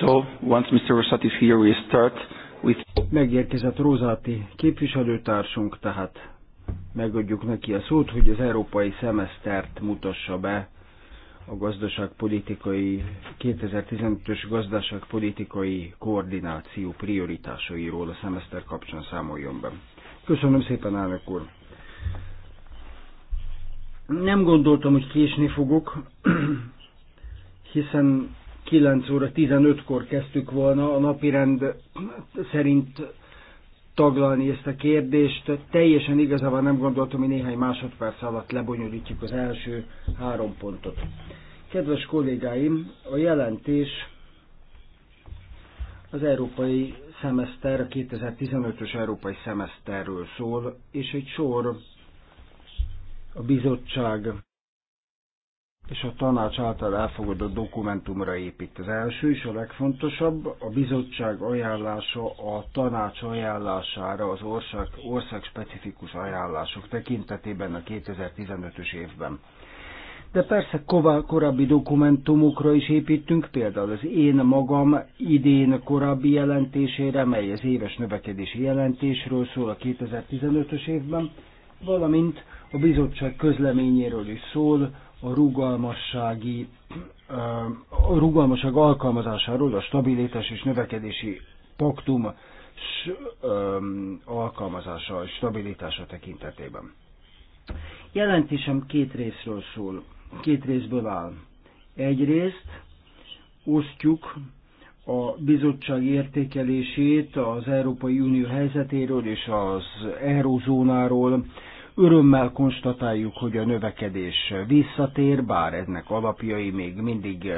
So, once Mr. Rosati is here, we start with... Megérkezett Rosati képviselőtársunk, tehát megadjuk neki a szót, hogy az európai szemesztert mutassa be a gazdaságpolitikai, 2015-ös gazdaságpolitikai koordináció prioritásairól a szemeszter kapcsán számoljon be. Köszönöm szépen, elnök úr! Nem gondoltam, hogy késni fogok, hiszen 9 óra 15-kor kezdtük volna a napirend szerint taglalni ezt a kérdést. Teljesen igazából nem gondoltam, hogy néhány másodperc alatt lebonyolítjuk az első három pontot. Kedves kollégáim, a jelentés az európai szemeszter, a 2015-ös európai szemeszterről szól, és egy sor a bizottság és a tanács által elfogadott dokumentumra épít. Az első és a legfontosabb, a bizottság ajánlása a tanács ajánlására az ország, ország specifikus ajánlások tekintetében a 2015-ös évben. De persze korábbi dokumentumokra is építünk, például az én magam idén korábbi jelentésére, mely az éves növekedési jelentésről szól a 2015-ös évben, valamint a bizottság közleményéről is szól, a rugalmassági a rugalmasság alkalmazásáról a stabilitás és növekedési paktum alkalmazása és stabilitása tekintetében. Jelentésem két részről szól, két részből áll. Egyrészt osztjuk a bizottság értékelését az Európai Unió helyzetéről és az eurozónáról, Örömmel konstatáljuk, hogy a növekedés visszatér, bár ennek alapjai még mindig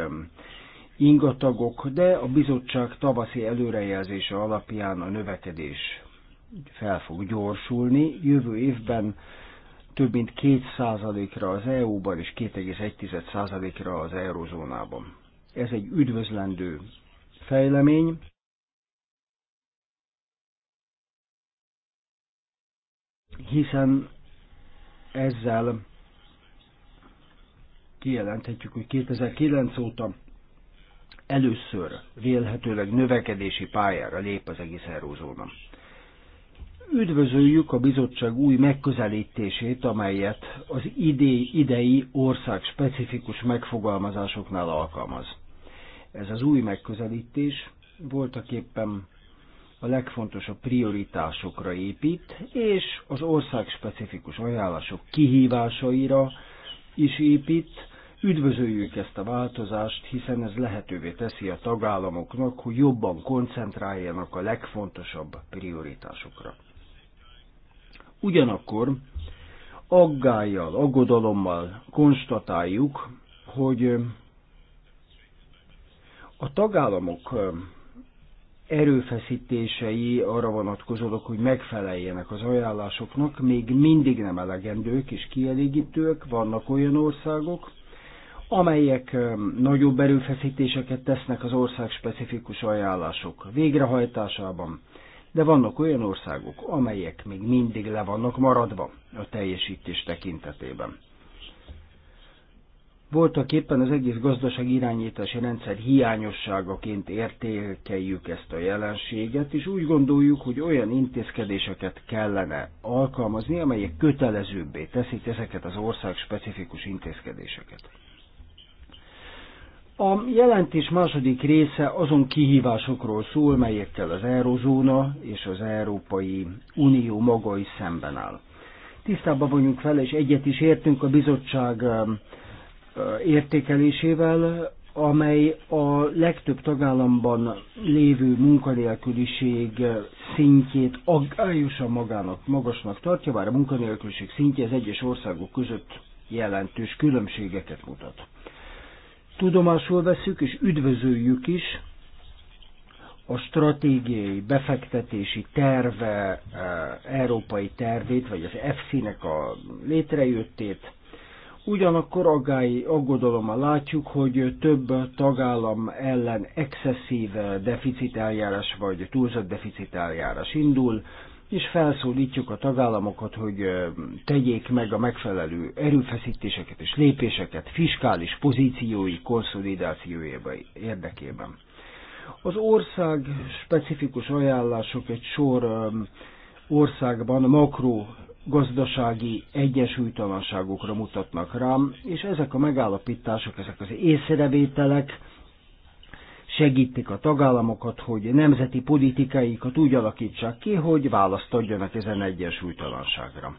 ingatagok, de a bizottság tavaszi előrejelzése alapján a növekedés fel fog gyorsulni. Jövő évben több mint 2%-ra az EU-ban és 2,1%-ra az eurozónában. Ez egy üdvözlendő fejlemény. hiszen ezzel kijelenthetjük, hogy 2009 óta először vélhetőleg növekedési pályára lép az egész eurózóna. Üdvözöljük a bizottság új megközelítését, amelyet az idei, idei ország specifikus megfogalmazásoknál alkalmaz. Ez az új megközelítés voltaképpen a legfontosabb prioritásokra épít, és az ország specifikus ajánlások kihívásaira is épít. Üdvözöljük ezt a változást, hiszen ez lehetővé teszi a tagállamoknak, hogy jobban koncentráljanak a legfontosabb prioritásokra. Ugyanakkor aggájjal, aggodalommal konstatáljuk, hogy a tagállamok erőfeszítései arra vonatkozóak, hogy megfeleljenek az ajánlásoknak, még mindig nem elegendők és kielégítők. Vannak olyan országok, amelyek nagyobb erőfeszítéseket tesznek az ország specifikus ajánlások végrehajtásában, de vannak olyan országok, amelyek még mindig le vannak maradva a teljesítés tekintetében voltak éppen az egész gazdaság irányítási rendszer hiányosságaként értékeljük ezt a jelenséget, és úgy gondoljuk, hogy olyan intézkedéseket kellene alkalmazni, amelyek kötelezőbbé teszik ezeket az ország specifikus intézkedéseket. A jelentés második része azon kihívásokról szól, melyekkel az Eurozóna és az Európai Unió maga is szemben áll. Tisztában vagyunk vele, és egyet is értünk a bizottság értékelésével, amely a legtöbb tagállamban lévő munkanélküliség szintjét aggályosan magának, magasnak tartja, bár a munkanélküliség szintje az egyes országok között jelentős különbségeket mutat. Tudomásul veszük és üdvözöljük is a stratégiai befektetési terve, eh, európai tervét, vagy az EFSZ-nek a létrejöttét, Ugyanakkor aggályi aggodalommal látjuk, hogy több tagállam ellen excesszív deficiteljárás vagy túlzott deficiteljárás indul, és felszólítjuk a tagállamokat, hogy tegyék meg a megfelelő erőfeszítéseket és lépéseket fiskális pozíciói konszolidációjába érdekében. Az ország specifikus ajánlások egy sor országban makro gazdasági egyesültalanságokra mutatnak rám, és ezek a megállapítások, ezek az észrevételek segítik a tagállamokat, hogy nemzeti politikáikat úgy alakítsák ki, hogy választ adjanak ezen egyesültalanságra.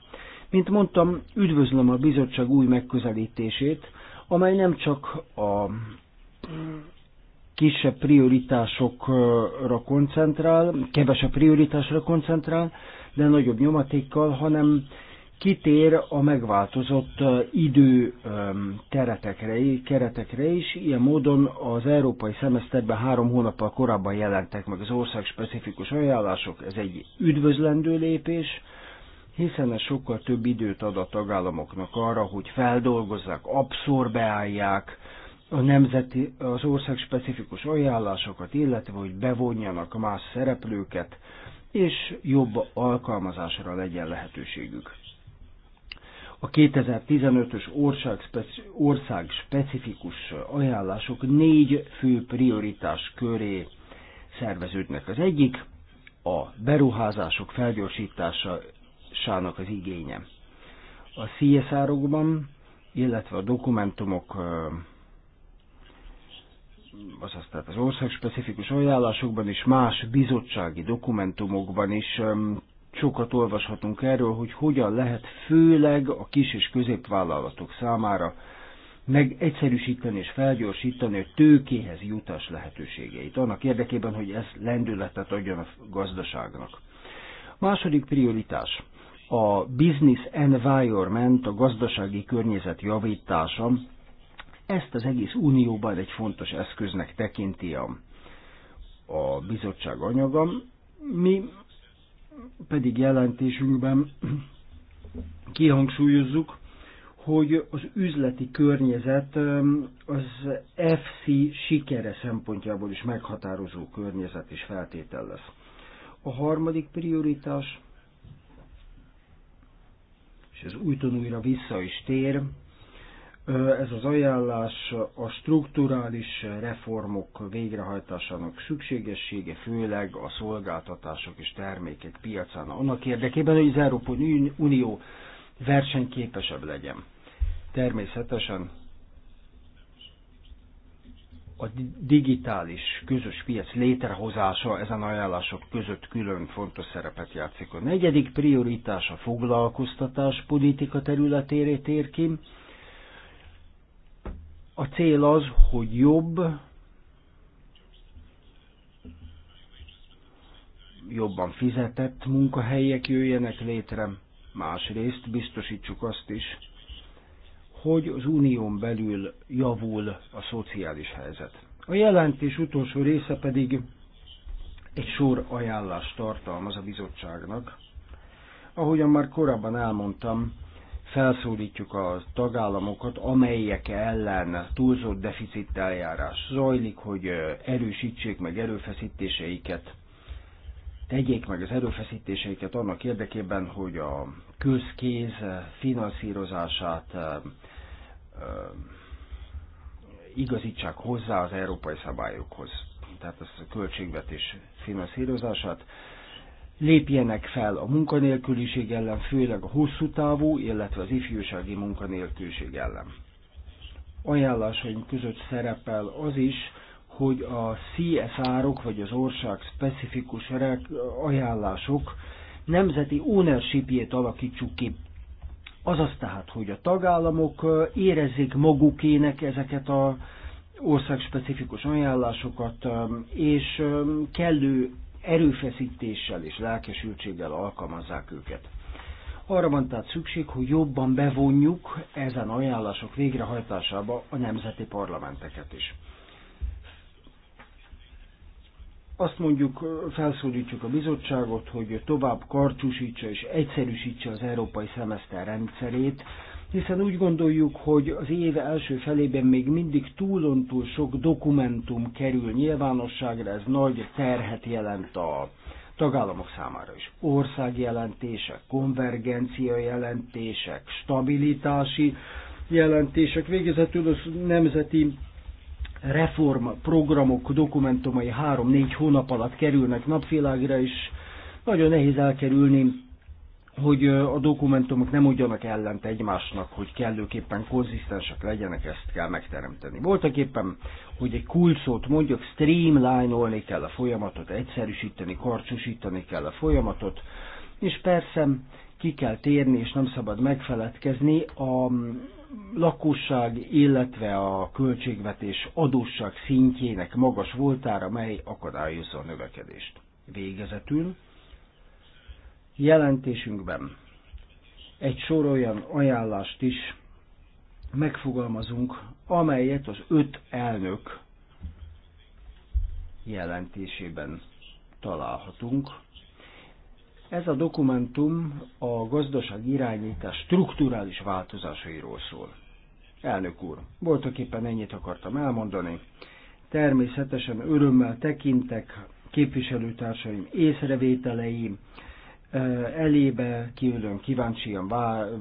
Mint mondtam, üdvözlöm a bizottság új megközelítését, amely nem csak a kisebb prioritásokra koncentrál, kevesebb prioritásra koncentrál, de nagyobb nyomatékkal, hanem kitér a megváltozott idő teretekre, keretekre is. Ilyen módon az európai szemeszterben három hónappal korábban jelentek meg az ország specifikus ajánlások. Ez egy üdvözlendő lépés, hiszen ez sokkal több időt ad a tagállamoknak arra, hogy feldolgozzák, abszorbálják a nemzeti, az ország specifikus ajánlásokat, illetve hogy bevonjanak más szereplőket, és jobb alkalmazásra legyen lehetőségük. A 2015-ös ország, ország specifikus ajánlások négy fő prioritás köré szerveződnek. Az egyik a beruházások felgyorsításának az igénye. A CSR-okban, illetve a dokumentumok azaz tehát az országspecifikus ajánlásokban és más bizottsági dokumentumokban is sokat olvashatunk erről, hogy hogyan lehet főleg a kis és középvállalatok számára meg egyszerűsíteni és felgyorsítani a tőkéhez jutás lehetőségeit, annak érdekében, hogy ez lendületet adjon a gazdaságnak. Második prioritás. A business environment, a gazdasági környezet javítása, ezt az egész unióban egy fontos eszköznek tekinti a, a bizottság anyaga. Mi pedig jelentésünkben kihangsúlyozzuk, hogy az üzleti környezet az FC sikere szempontjából is meghatározó környezet és feltétel lesz. A harmadik prioritás, és ez újton újra vissza is tér, ez az ajánlás a strukturális reformok végrehajtásának szükségessége, főleg a szolgáltatások és termékek piacán, annak érdekében, hogy az Európai Unió versenyképesebb legyen. Természetesen a digitális közös piac létrehozása ezen ajánlások között külön fontos szerepet játszik. A negyedik prioritás a foglalkoztatás politika területére tér ki, a cél az, hogy jobb, jobban fizetett munkahelyek jöjjenek létre, másrészt biztosítsuk azt is, hogy az unión belül javul a szociális helyzet. A jelentés utolsó része pedig egy sor ajánlást tartalmaz a bizottságnak. Ahogyan már korábban elmondtam, felszólítjuk a tagállamokat, amelyek ellen túlzott deficit zajlik, hogy erősítsék meg erőfeszítéseiket, tegyék meg az erőfeszítéseiket annak érdekében, hogy a közkéz finanszírozását igazítsák hozzá az európai szabályokhoz, tehát ezt a költségvetés finanszírozását lépjenek fel a munkanélküliség ellen, főleg a hosszú távú, illetve az ifjúsági munkanélküliség ellen. Ajánlásaink között szerepel az is, hogy a CSR-ok, -ok, vagy az ország specifikus ajánlások nemzeti ownership alakítsuk ki. Azaz tehát, hogy a tagállamok érezzék magukének ezeket a országspecifikus ajánlásokat, és kellő erőfeszítéssel és lelkesültséggel alkalmazzák őket. Arra van tehát szükség, hogy jobban bevonjuk ezen ajánlások végrehajtásába a nemzeti parlamenteket is. Azt mondjuk, felszólítjuk a bizottságot, hogy tovább karcsúsítsa és egyszerűsítse az európai szemeszter rendszerét, hiszen úgy gondoljuk, hogy az év első felében még mindig túlontúl sok dokumentum kerül nyilvánosságra, ez nagy terhet jelent a tagállamok számára is. Országjelentések, konvergencia jelentések, stabilitási jelentések, végezetül az nemzeti reformprogramok dokumentumai három-négy hónap alatt kerülnek napvilágra, is nagyon nehéz elkerülni hogy a dokumentumok nem ugyanak ellent egymásnak, hogy kellőképpen konzisztensek legyenek, ezt kell megteremteni. Voltak éppen, hogy egy kulcsot mondjuk, streamline-olni kell a folyamatot, egyszerűsíteni, karcsúsítani kell a folyamatot, és persze ki kell térni, és nem szabad megfeledkezni a lakosság, illetve a költségvetés adósság szintjének magas voltára, mely akadályozza a növekedést. Végezetül, Jelentésünkben egy sor olyan ajánlást is megfogalmazunk, amelyet az öt elnök jelentésében találhatunk. Ez a dokumentum a gazdaság irányítás strukturális változásairól szól. Elnök úr, voltak éppen ennyit akartam elmondani. Természetesen örömmel tekintek képviselőtársaim észrevételeim, elébe, kiülöm, kíváncsian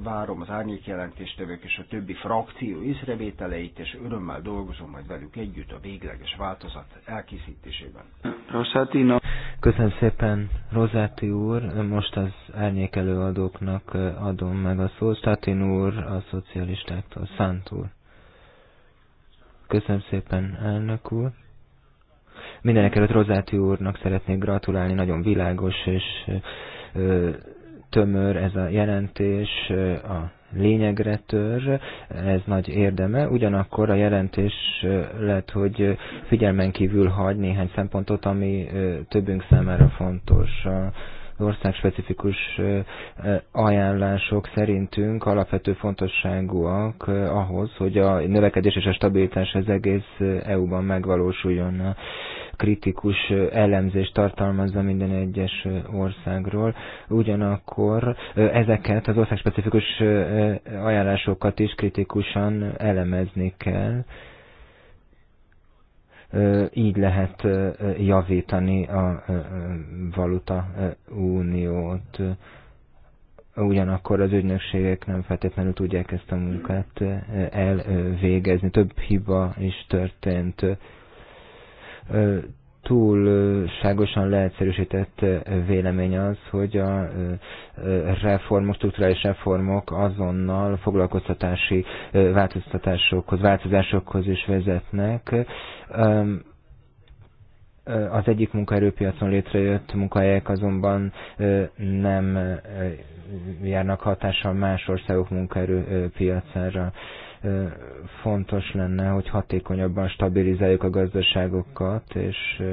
várom az árnyék jelentéstevők és a többi frakció észrevételeit, és örömmel dolgozom majd velük együtt a végleges változat elkészítésében. Rosatino. Köszönöm szépen, Rozáti úr. Most az árnyék előadóknak adom meg a szót. Statin úr a szocialistáktól, Szánt úr. Köszönöm szépen, elnök úr. Mindenek előtt Rozáti úrnak szeretnék gratulálni, nagyon világos és tömör ez a jelentés, a lényegre tör, ez nagy érdeme, ugyanakkor a jelentés lehet, hogy figyelmen kívül hagy néhány szempontot, ami többünk számára fontos. A országspecifikus ajánlások szerintünk alapvető fontosságúak ahhoz, hogy a növekedés és a stabilitás az egész EU-ban megvalósuljon kritikus elemzést tartalmazza minden egyes országról. Ugyanakkor ezeket az országspecifikus ajánlásokat is kritikusan elemezni kell. Így lehet javítani a valuta uniót ugyanakkor az ügynökségek nem feltétlenül tudják ezt a munkát elvégezni. Több hiba is történt túlságosan leegyszerűsített vélemény az, hogy a reformok, strukturális reformok azonnal foglalkoztatási változtatásokhoz, változásokhoz is vezetnek. Az egyik munkaerőpiacon létrejött munkahelyek azonban nem járnak hatással más országok munkaerőpiacára. piacára fontos lenne, hogy hatékonyabban stabilizáljuk a gazdaságokat, és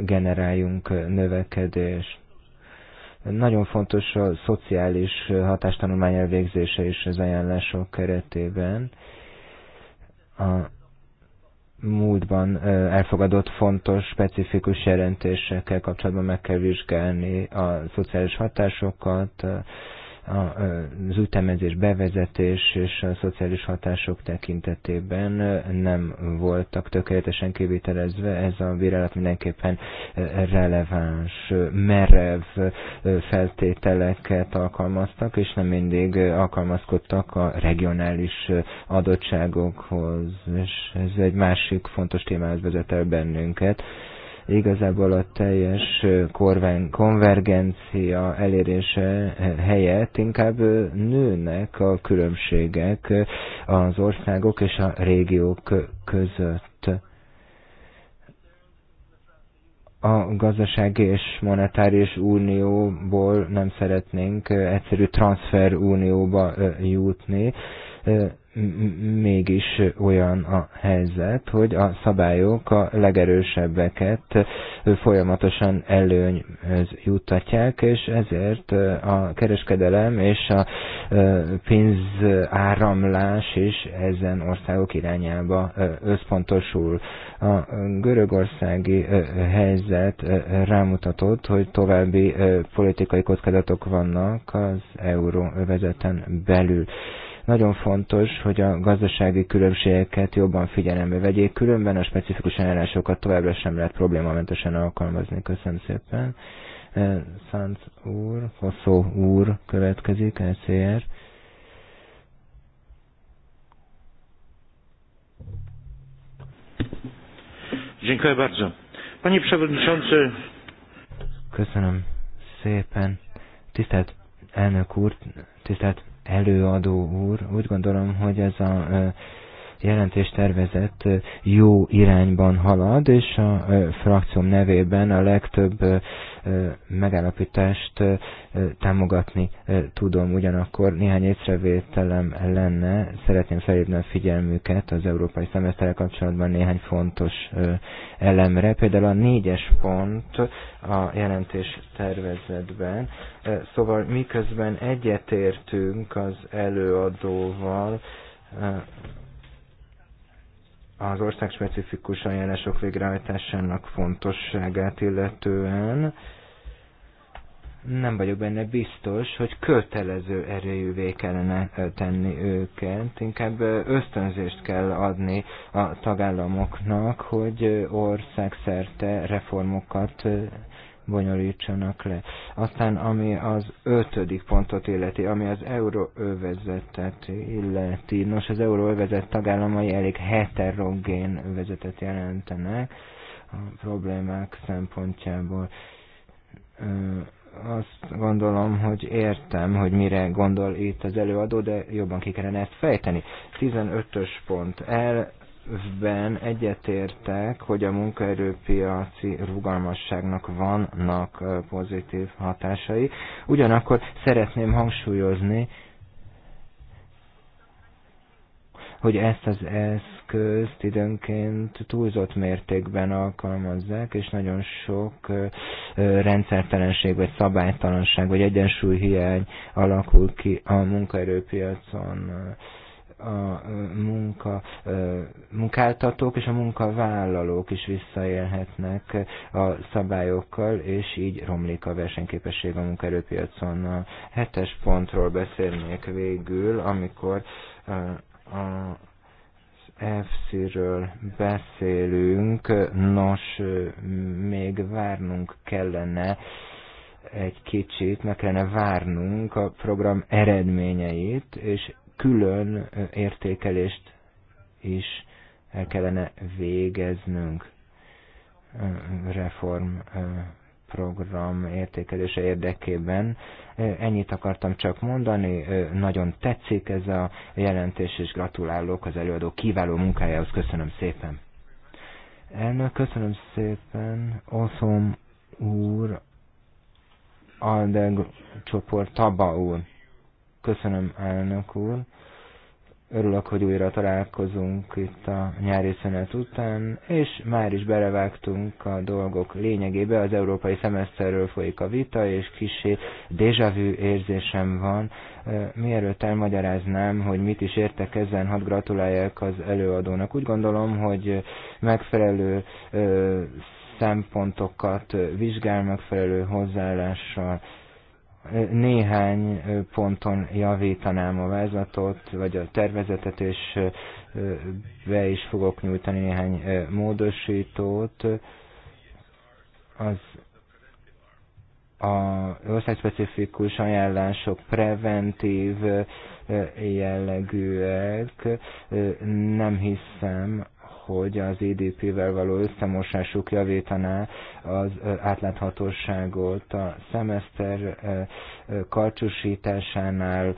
generáljunk növekedést. Nagyon fontos a szociális hatástanulmány elvégzése is az ajánlások keretében. A múltban elfogadott fontos, specifikus jelentésekkel kapcsolatban meg kell vizsgálni a szociális hatásokat, az ütemezés bevezetés és a szociális hatások tekintetében nem voltak tökéletesen kivitelezve. Ez a bírálat mindenképpen releváns, merev feltételeket alkalmaztak, és nem mindig alkalmazkodtak a regionális adottságokhoz, és ez egy másik fontos témához vezet el bennünket Igazából a teljes korvány konvergencia elérése helyett inkább nőnek a különbségek az országok és a régiók között a gazdasági és monetáris unióból nem szeretnénk egyszerű transfer unióba jutni, mégis olyan a helyzet, hogy a szabályok a legerősebbeket folyamatosan előnyhöz juttatják, és ezért a kereskedelem és a pénzáramlás is ezen országok irányába összpontosul. A görögországi helyzet rámutatott, hogy további politikai kockázatok vannak az euróvezeten belül. Nagyon fontos, hogy a gazdasági különbségeket jobban figyelembe vegyék, különben a specifikus ajánlásokat továbbra sem lehet problémamentesen alkalmazni. Köszönöm szépen. Eh, Szánc úr, Hosszó úr következik, SZR. Dziękuję bardzo. Panie Przewodniczący. Köszönöm szépen. Tisztelt elnök úr, tisztelt előadó úr. Úgy gondolom, hogy ez a tervezett jó irányban halad, és a frakcióm nevében a legtöbb megállapítást támogatni tudom. Ugyanakkor néhány észrevételem lenne, szeretném felhívni a figyelmüket az európai szemeszterrel kapcsolatban néhány fontos elemre. Például a négyes pont a jelentés tervezetben. Szóval miközben egyetértünk az előadóval, az ország specifikus ajánlások végrehajtásának fontosságát illetően nem vagyok benne biztos, hogy kötelező erejűvé kellene tenni őket, inkább ösztönzést kell adni a tagállamoknak, hogy országszerte reformokat bonyolítsanak le. Aztán ami az ötödik pontot illeti, ami az euróövezetet illeti. Nos, az euróövezet tagállamai elég heterogén övezetet jelentenek a problémák szempontjából. Azt gondolom, hogy értem, hogy mire gondol itt az előadó, de jobban ki kellene ezt fejteni. 15-ös pont. El elvben egyetértek, hogy a munkaerőpiaci rugalmasságnak vannak pozitív hatásai. Ugyanakkor szeretném hangsúlyozni, hogy ezt az eszközt időnként túlzott mértékben alkalmazzák, és nagyon sok rendszertelenség, vagy szabálytalanság, vagy egyensúlyhiány alakul ki a munkaerőpiacon a munka, munkáltatók és a munkavállalók is visszaélhetnek a szabályokkal, és így romlik a versenyképesség a munkaerőpiacon. A hetes pontról beszélnék végül, amikor a FC-ről beszélünk, nos, még várnunk kellene egy kicsit, meg kellene várnunk a program eredményeit, és külön értékelést is el kellene végeznünk reformprogram értékelése érdekében. Ennyit akartam csak mondani, nagyon tetszik ez a jelentés, és gratulálok az előadó kiváló munkájához, köszönöm szépen. Elnök, köszönöm szépen, Oszom úr, Aldeg csoport, Taba úr. Köszönöm, elnök úr. Örülök, hogy újra találkozunk itt a nyári szünet után, és már is belevágtunk a dolgok lényegébe. Az európai szemeszterről folyik a vita, és kisé déjà vu érzésem van. Mielőtt elmagyaráznám, hogy mit is értek ezen, hadd gratuláljak az előadónak. Úgy gondolom, hogy megfelelő szempontokat vizsgál, megfelelő hozzáállással néhány ponton javítanám a vázlatot, vagy a tervezetet, és be is fogok nyújtani néhány módosítót. Az a országspecifikus ajánlások preventív jellegűek. Nem hiszem, hogy az EDP-vel való összemosásuk javítaná az átláthatóságot a szemeszter karcsúsításánál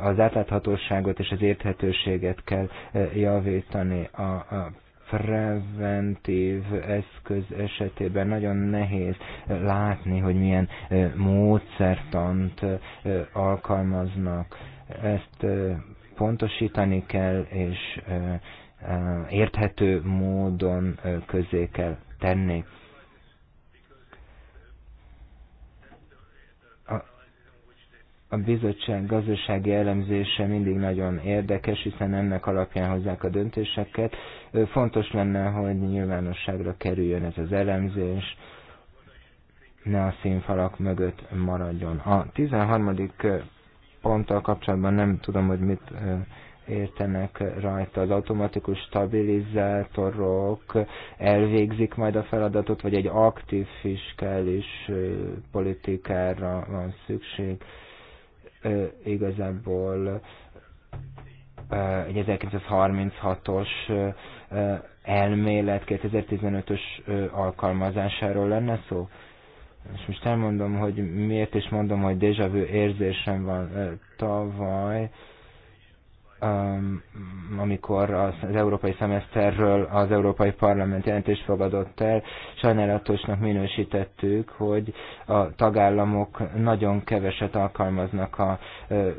az átláthatóságot és az érthetőséget kell javítani a preventív eszköz esetében nagyon nehéz látni, hogy milyen módszertant alkalmaznak. Ezt pontosítani kell, és Eh, érthető módon eh, közé kell tenni. a bizottság gazdasági elemzése mindig nagyon érdekes, hiszen ennek alapján hozzák a döntéseket. Fontos lenne, hogy nyilvánosságra kerüljön ez az elemzés, ne a színfalak mögött maradjon. A 13. Eh, ponttal kapcsolatban nem tudom, hogy mit értenek rajta. Az automatikus stabilizátorok elvégzik majd a feladatot, vagy egy aktív fiskális politikára van szükség. Igazából egy 1936-os elmélet 2015-ös alkalmazásáról lenne szó? És most elmondom, hogy miért is mondom, hogy déjà vu érzésem van tavaly, Um, amikor az európai szemeszterről az Európai Parlament jelentést fogadott el, sajnálatosnak minősítettük, hogy a tagállamok nagyon keveset alkalmaznak az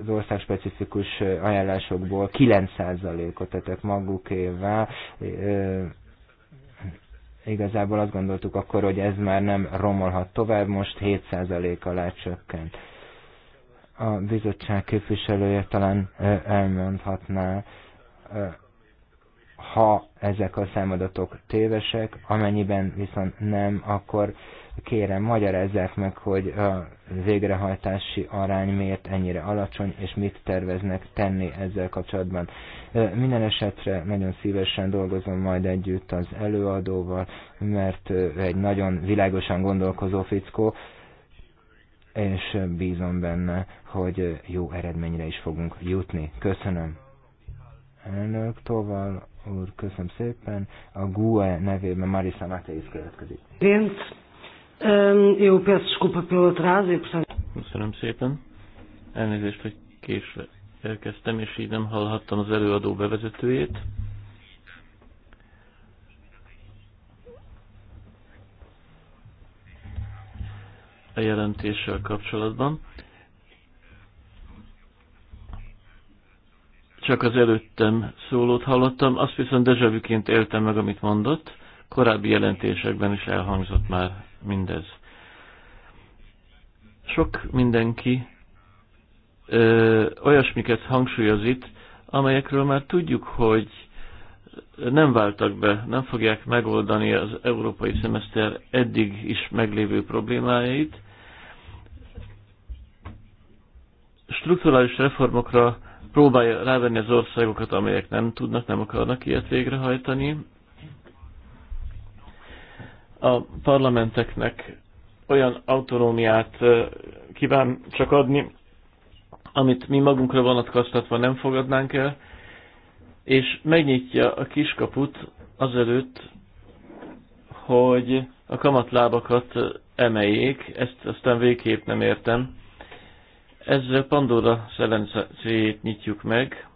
országspecifikus ajánlásokból, 9%-ot tettek magukével. igazából azt gondoltuk akkor, hogy ez már nem romolhat tovább, most 7% alá csökkent a bizottság képviselője talán elmondhatná, ha ezek a számadatok tévesek, amennyiben viszont nem, akkor kérem, magyarázzák meg, hogy a végrehajtási arány miért ennyire alacsony, és mit terveznek tenni ezzel kapcsolatban. Minden esetre nagyon szívesen dolgozom majd együtt az előadóval, mert egy nagyon világosan gondolkozó fickó, én sem bízom benne, hogy jó eredményre is fogunk jutni. Köszönöm. Elnök Toval úr, köszönöm szépen. A GUE nevében Marisa Matei következik. Jó, persze, skupa pillanat rázi. Köszönöm szépen. Elnézést, hogy késve elkezdtem, és így nem hallhattam az előadó bevezetőjét. a jelentéssel kapcsolatban. Csak az előttem szólót hallottam, azt viszont dezsevűként éltem meg, amit mondott. Korábbi jelentésekben is elhangzott már mindez. Sok mindenki ö, olyasmiket hangsúlyoz itt, amelyekről már tudjuk, hogy nem váltak be, nem fogják megoldani az európai szemeszter eddig is meglévő problémáit. Strukturális reformokra próbálja rávenni az országokat, amelyek nem tudnak, nem akarnak ilyet végrehajtani. A parlamenteknek olyan autonómiát kíván csak adni, amit mi magunkra vonatkoztatva nem fogadnánk el, és megnyitja a kiskaput azelőtt, hogy a kamatlábakat emeljék, ezt aztán végképp nem értem. Ezzel Pandora szelencéjét nyitjuk meg.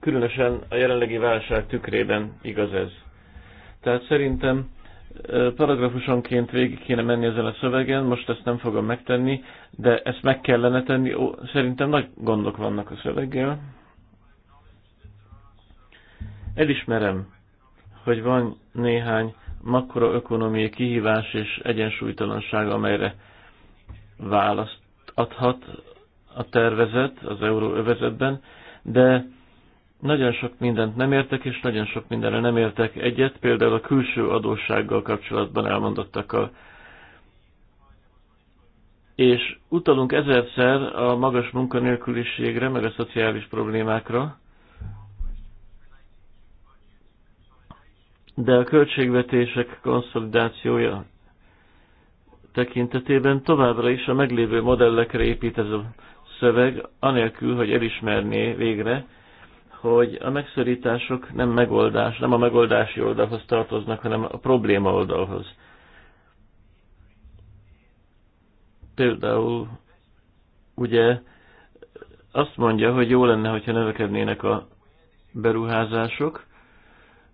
Különösen a jelenlegi válság tükrében igaz ez. Tehát szerintem paragrafusonként végig kéne menni ezen a szövegen, most ezt nem fogom megtenni, de ezt meg kellene tenni, Ó, szerintem nagy gondok vannak a szöveggel. Elismerem, hogy van néhány makroökonomiai kihívás és egyensúlytalanság, amelyre választ adhat a tervezet az euróövezetben, de nagyon sok mindent nem értek, és nagyon sok mindenre nem értek egyet, például a külső adóssággal kapcsolatban elmondottakkal. És utalunk ezerszer a magas munkanélküliségre, meg a szociális problémákra, de a költségvetések konszolidációja tekintetében továbbra is a meglévő modellekre épít ez a szöveg, anélkül, hogy elismerné végre, hogy a megszorítások nem megoldás, nem a megoldási oldalhoz tartoznak, hanem a probléma oldalhoz. Például ugye azt mondja, hogy jó lenne, hogyha növekednének a beruházások,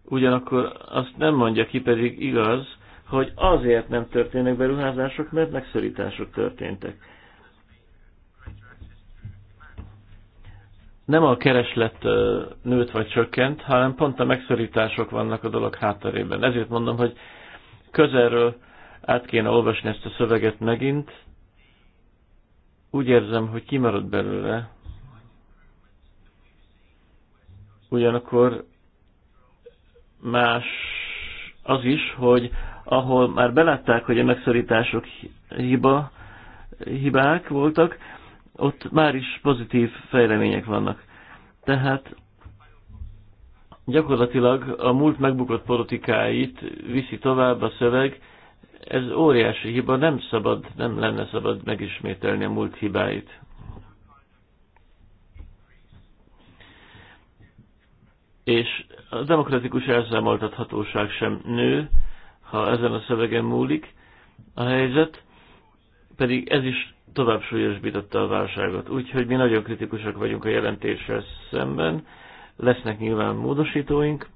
Ugyanakkor azt nem mondja ki, pedig igaz, hogy azért nem történnek beruházások, mert megszorítások történtek. Nem a kereslet nőtt vagy csökkent, hanem pont a megszorítások vannak a dolog hátterében. Ezért mondom, hogy közelről át kéne olvasni ezt a szöveget megint. Úgy érzem, hogy kimarad belőle. Ugyanakkor más az is, hogy ahol már belátták, hogy a megszorítások hiba, hibák voltak, ott már is pozitív fejlemények vannak. Tehát gyakorlatilag a múlt megbukott politikáit viszi tovább a szöveg, ez óriási hiba, nem szabad, nem lenne szabad megismételni a múlt hibáit. És a demokratikus elszámoltathatóság sem nő, ha ezen a szövegen múlik a helyzet, pedig ez is tovább súlyosbította a válságot. Úgyhogy mi nagyon kritikusak vagyunk a jelentéssel szemben, lesznek nyilván módosítóink,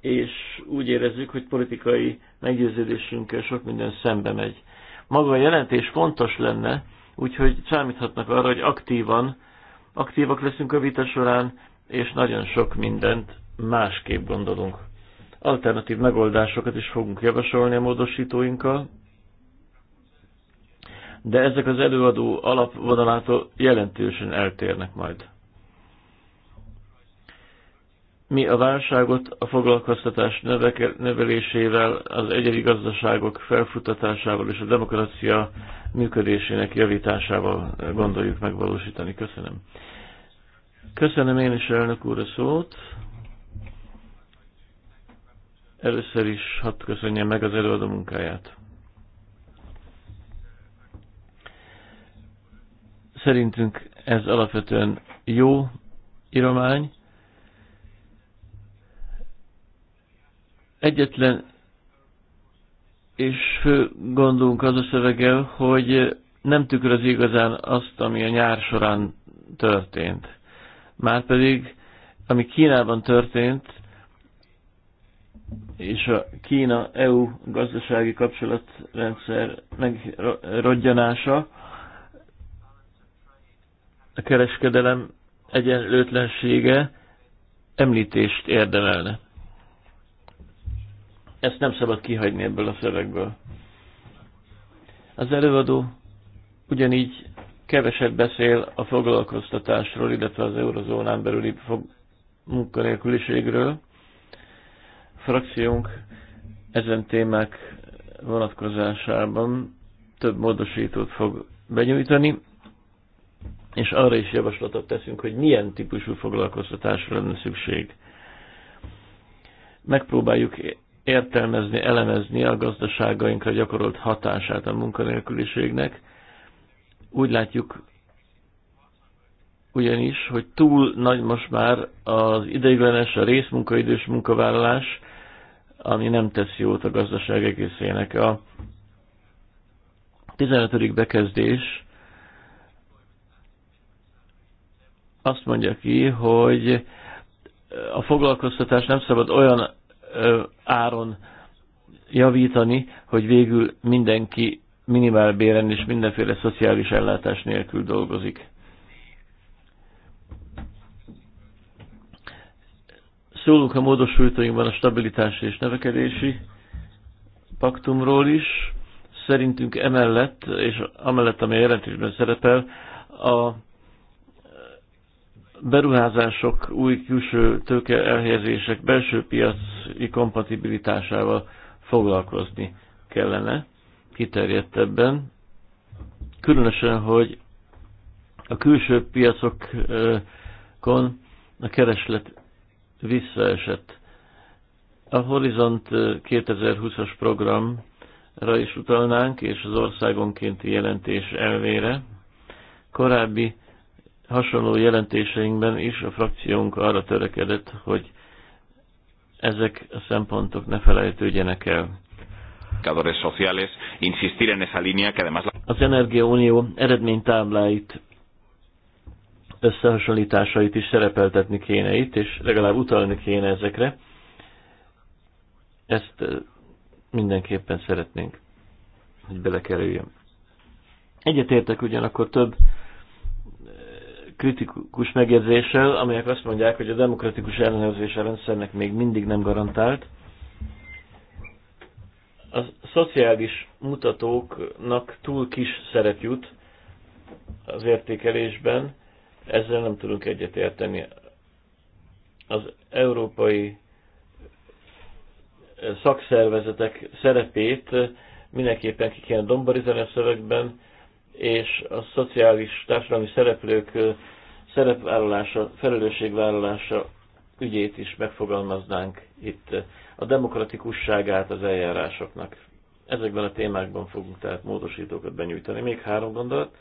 és úgy érezzük, hogy politikai meggyőződésünkkel sok minden szembe megy. Maga a jelentés fontos lenne, úgyhogy számíthatnak arra, hogy aktívan, aktívak leszünk a vita során, és nagyon sok mindent másképp gondolunk. Alternatív megoldásokat is fogunk javasolni a módosítóinkkal, de ezek az előadó alapvonalától jelentősen eltérnek majd. Mi a válságot a foglalkoztatás növelésével, az egyedi gazdaságok felfuttatásával és a demokrácia működésének javításával gondoljuk megvalósítani. Köszönöm. Köszönöm én is, elnök úr, a szót. Először is hadd köszönjem meg az előadó munkáját. Szerintünk ez alapvetően jó iromány. Egyetlen és fő gondunk az a szöveggel, hogy nem tükrözi igazán azt, ami a nyár során történt. Márpedig, ami Kínában történt, és a Kína-EU gazdasági kapcsolatrendszer megrodjanása, a kereskedelem egyenlőtlensége említést érdemelne. Ezt nem szabad kihagyni ebből a szövegből. Az előadó ugyanígy keveset beszél a foglalkoztatásról, illetve az eurozónán belüli munkanélküliségről. A frakciónk ezen témák vonatkozásában több módosítót fog benyújtani, és arra is javaslatot teszünk, hogy milyen típusú foglalkoztatásra lenne szükség. Megpróbáljuk értelmezni, elemezni a gazdaságainkra gyakorolt hatását a munkanélküliségnek, úgy látjuk ugyanis, hogy túl nagy most már az ideiglenes, a részmunkaidős munkavállalás, ami nem tesz jót a gazdaság egészének. A 15. bekezdés azt mondja ki, hogy a foglalkoztatás nem szabad olyan áron javítani, hogy végül mindenki béren és mindenféle szociális ellátás nélkül dolgozik. Szólunk a módosultainkban a stabilitási és növekedési paktumról is. Szerintünk emellett, és amellett, ami a jelentésben szerepel, a beruházások új külső tőke elhelyezések belső piaci kompatibilitásával foglalkozni kellene kiterjedtebben, különösen, hogy a külső piacokon a kereslet visszaesett. A Horizont 2020-as programra is utalnánk, és az országonkénti jelentés elvére. Korábbi hasonló jelentéseinkben is a frakciónk arra törekedett, hogy ezek a szempontok ne felejtődjenek el indicadores sociales, insistir en esa línea que además... Az Energiaunió eredménytábláit összehasonlításait is szerepeltetni kéne itt, és legalább utalni kéne ezekre. Ezt mindenképpen szeretnénk, hogy belekerüljön. Egyetértek ugyanakkor több kritikus megjegyzéssel, amelyek azt mondják, hogy a demokratikus ellenőrzés a rendszernek még mindig nem garantált, a szociális mutatóknak túl kis szerep jut az értékelésben, ezzel nem tudunk egyetérteni. Az európai eh, szakszervezetek szerepét mindenképpen ki kell domborizálni a szövegben, és a szociális társadalmi szereplők eh, szerepvállalása, felelősségvállalása ügyét is megfogalmaznánk itt, a demokratikusságát az eljárásoknak. Ezekben a témákban fogunk tehát módosítókat benyújtani. Még három gondolat.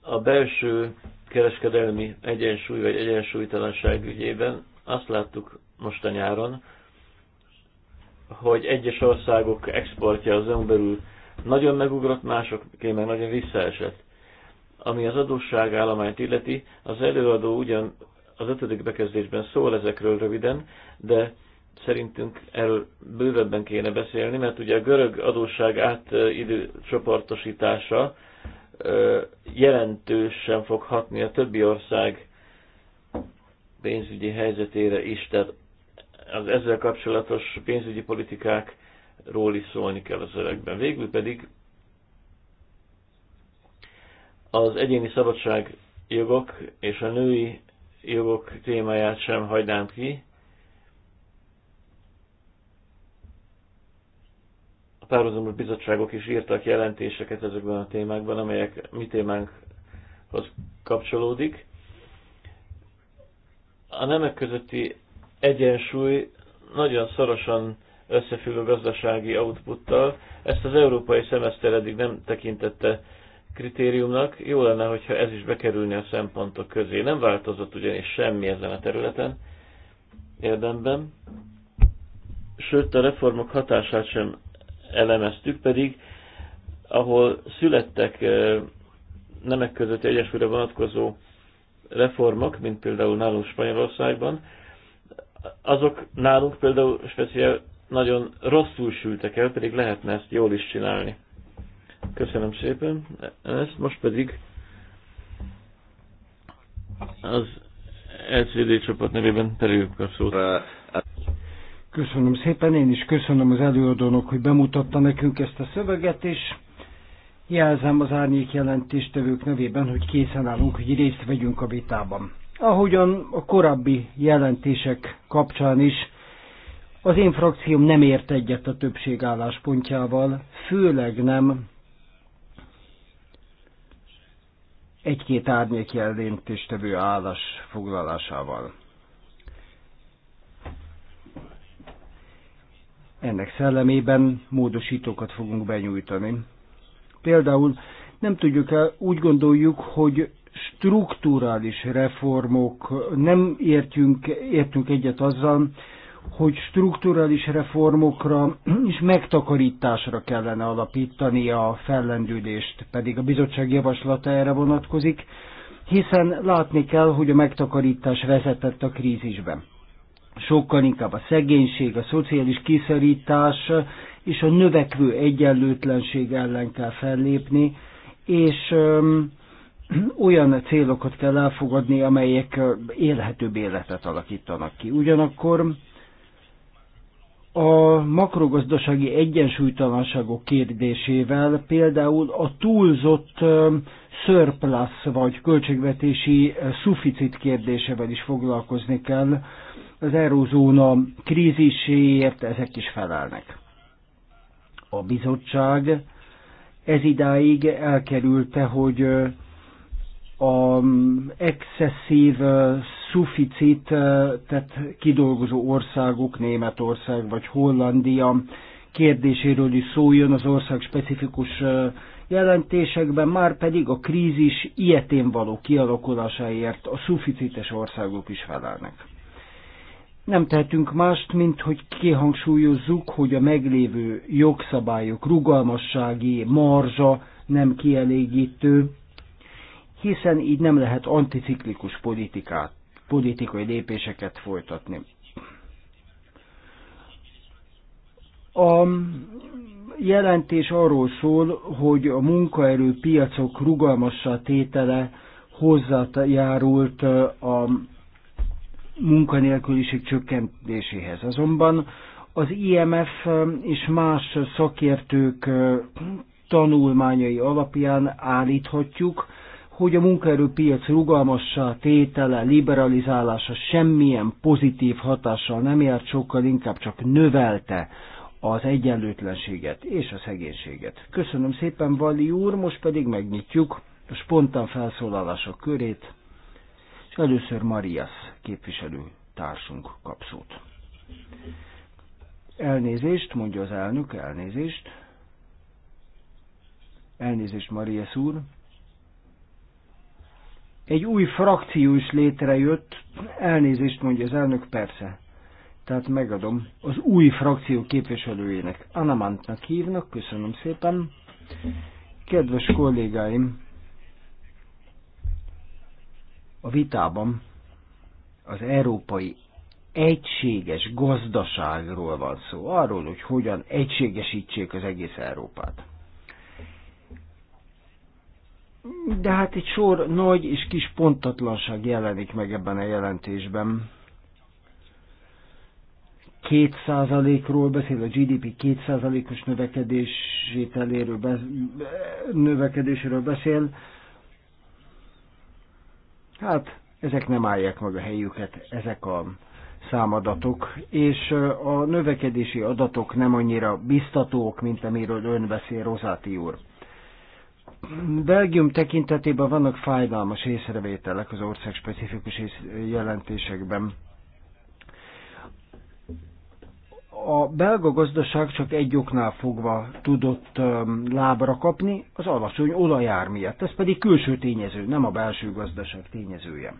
A belső kereskedelmi egyensúly vagy egyensúlytalanság ügyében azt láttuk most a nyáron, hogy egyes országok exportja az EU belül nagyon megugrott, másoké meg nagyon visszaesett. Ami az adósság állományt illeti, az előadó ugyan az ötödik bekezdésben szól ezekről röviden, de szerintünk erről bővebben kéne beszélni, mert ugye a görög adósság átidő csoportosítása jelentősen fog hatni a többi ország pénzügyi helyzetére is, tehát az ezzel kapcsolatos pénzügyi politikákról is szólni kell az öregben. Végül pedig az egyéni szabadság jogok és a női jogok témáját sem hagynám ki. A párhuzamos bizottságok is írtak jelentéseket ezekben a témákban, amelyek mi témánkhoz kapcsolódik. A nemek közötti egyensúly nagyon szorosan összefügg a gazdasági outputtal. Ezt az európai szemeszter eddig nem tekintette kritériumnak. Jó lenne, hogyha ez is bekerülne a szempontok közé. Nem változott ugyanis semmi ezen a területen érdemben. Sőt, a reformok hatását sem elemeztük, pedig ahol születtek nemek közötti egyesülre vonatkozó reformok, mint például nálunk Spanyolországban, azok nálunk például speciál nagyon rosszul sültek el, pedig lehetne ezt jól is csinálni. Köszönöm szépen. Ezt most pedig az LCD csapat nevében terüljük a szót. Köszönöm szépen, én is köszönöm az előadónak, hogy bemutatta nekünk ezt a szöveget, és jelzem az árnyék jelentéstevők nevében, hogy készen állunk, hogy részt vegyünk a vitában. Ahogyan a korábbi jelentések kapcsán is, az én frakcióm nem ért egyet a többség álláspontjával, főleg nem egy-két árnyék jelentéstevő állás foglalásával. Ennek szellemében módosítókat fogunk benyújtani. Például nem tudjuk el, úgy gondoljuk, hogy strukturális reformok, nem értünk, értünk egyet azzal, hogy strukturális reformokra és megtakarításra kellene alapítani a fellendülést, pedig a bizottság javaslata erre vonatkozik, hiszen látni kell, hogy a megtakarítás vezetett a krízisbe. Sokkal inkább a szegénység, a szociális kiszorítás és a növekvő egyenlőtlenség ellen kell fellépni, és olyan célokat kell elfogadni, amelyek élhetőbb életet alakítanak ki. Ugyanakkor a makrogazdasági egyensúlytalanságok kérdésével, például a túlzott surplus vagy költségvetési szuficit kérdésével is foglalkozni kell. Az eurozóna kríziséért ezek is felelnek. A bizottság ez idáig elkerülte, hogy a excessive tehát kidolgozó országok, Németország vagy Hollandia kérdéséről is szóljon az ország specifikus jelentésekben, már pedig a krízis ilyetén való kialakulásáért a szuficites országok is felelnek. Nem tehetünk mást, mint hogy kihangsúlyozzuk, hogy a meglévő jogszabályok rugalmassági marzsa nem kielégítő, hiszen így nem lehet anticiklikus politikát politikai lépéseket folytatni. A jelentés arról szól, hogy a munkaerő piacok rugalmassá tétele hozzájárult a munkanélküliség csökkentéséhez. Azonban az IMF és más szakértők tanulmányai alapján állíthatjuk, hogy a munkaerőpiac rugalmassá tétele, liberalizálása semmilyen pozitív hatással nem járt, sokkal inkább csak növelte az egyenlőtlenséget és a szegénységet. Köszönöm szépen, Vali úr, most pedig megnyitjuk a spontán felszólalások körét, és először Marias képviselő társunk kapszót. Elnézést, mondja az elnök, elnézést. Elnézést, Marias úr. Egy új frakció is létrejött, elnézést mondja az elnök, persze. Tehát megadom az új frakció képviselőjének. Anamantnak hívnak, köszönöm szépen. Kedves kollégáim, a vitában az európai egységes gazdaságról van szó, arról, hogy hogyan egységesítsék az egész Európát de hát egy sor nagy és kis pontatlanság jelenik meg ebben a jelentésben. 2%-ról beszél, a GDP 2%-os növekedését elérő be, növekedésről beszél. Hát ezek nem állják meg a helyüket, ezek a számadatok, és a növekedési adatok nem annyira biztatók, mint amiről ön beszél, Rozáti úr. Belgium tekintetében vannak fájdalmas észrevételek az ország specifikus jelentésekben. A belga gazdaság csak egy oknál fogva tudott lábra kapni, az alacsony olajár miatt. Ez pedig külső tényező, nem a belső gazdaság tényezője.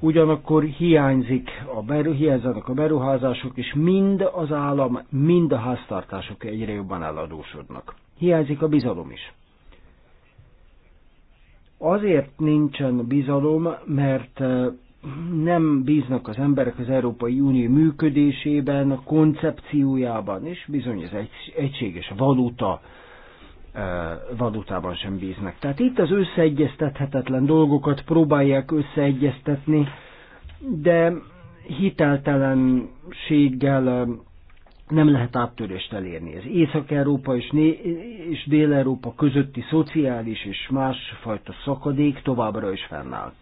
Ugyanakkor hiányzik a beru, hiányzanak a beruházások, és mind az állam, mind a háztartások egyre jobban eladósodnak. Hiányzik a bizalom is. Azért nincsen bizalom, mert nem bíznak az emberek az Európai Unió működésében, koncepciójában, és bizony az egy, egységes valuta valutában sem bíznak. Tehát itt az összeegyeztethetetlen dolgokat próbálják összeegyeztetni, de hiteltelenséggel nem lehet áttörést elérni. Ez Észak-Európa és, és Dél-Európa közötti szociális és másfajta szakadék továbbra is fennáll.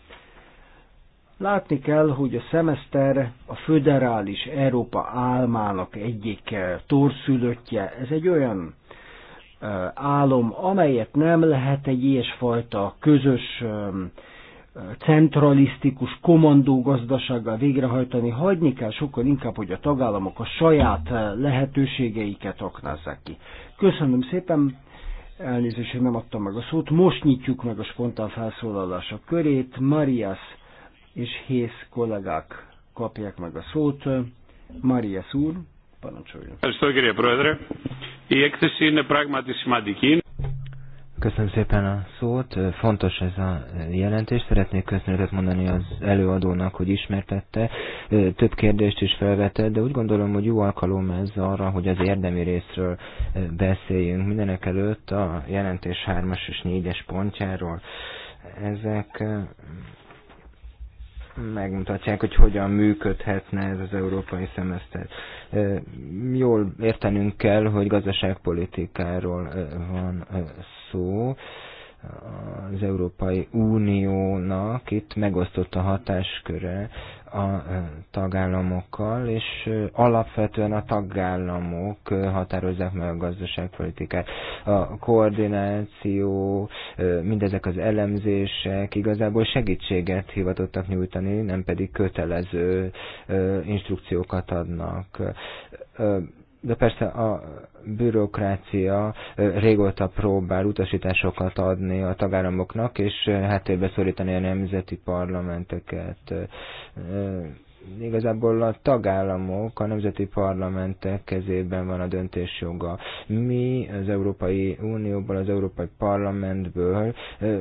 Látni kell, hogy a szemeszter a föderális Európa álmának egyik eh, torszülöttje. Ez egy olyan eh, álom, amelyet nem lehet egy ilyesfajta közös eh, centralisztikus kommandó gazdasággal végrehajtani, hagyni kell sokkal inkább, hogy a tagállamok a saját eh, lehetőségeiket aknázzák ki. Köszönöm szépen, elnézést, hogy nem adtam meg a szót. Most nyitjuk meg a spontán felszólalása körét. Marias és Hész kollégák kapják meg a szót. Marias úr, parancsoljon. Köszönöm, kérdés, Πρόεδρε. Köszönöm szépen a szót. Fontos ez a jelentés. Szeretnék köszönetet mondani az előadónak, hogy ismertette. Több kérdést is felvetett, de úgy gondolom, hogy jó alkalom ez arra, hogy az érdemi részről beszéljünk. Mindenek előtt a jelentés 3-as és 4-es pontjáról. Ezek megmutatják, hogy hogyan működhetne ez az európai szemeszter. Jól értenünk kell, hogy gazdaságpolitikáról van szó. Az Európai Uniónak itt megosztott a hatásköre a e, tagállamokkal, és e, alapvetően a tagállamok e, határozzák meg a gazdaságpolitikát. A koordináció, mindezek az elemzések igazából segítséget hivatottak nyújtani, nem pedig kötelező instrukciókat adnak de persze a bürokrácia régóta próbál utasításokat adni a tagállamoknak, és háttérbe szorítani a nemzeti parlamenteket igazából a tagállamok, a nemzeti parlamentek kezében van a döntésjoga. Mi az Európai Unióból, az Európai Parlamentből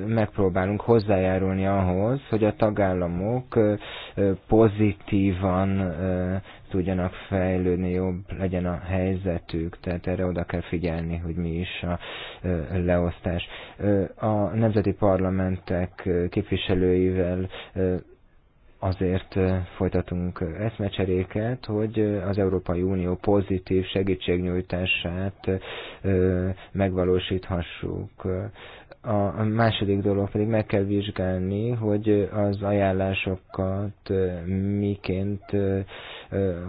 megpróbálunk hozzájárulni ahhoz, hogy a tagállamok pozitívan tudjanak fejlődni, jobb legyen a helyzetük, tehát erre oda kell figyelni, hogy mi is a leosztás. A nemzeti parlamentek képviselőivel azért folytatunk eszmecseréket, hogy az Európai Unió pozitív segítségnyújtását megvalósíthassuk. A második dolog pedig meg kell vizsgálni, hogy az ajánlásokat miként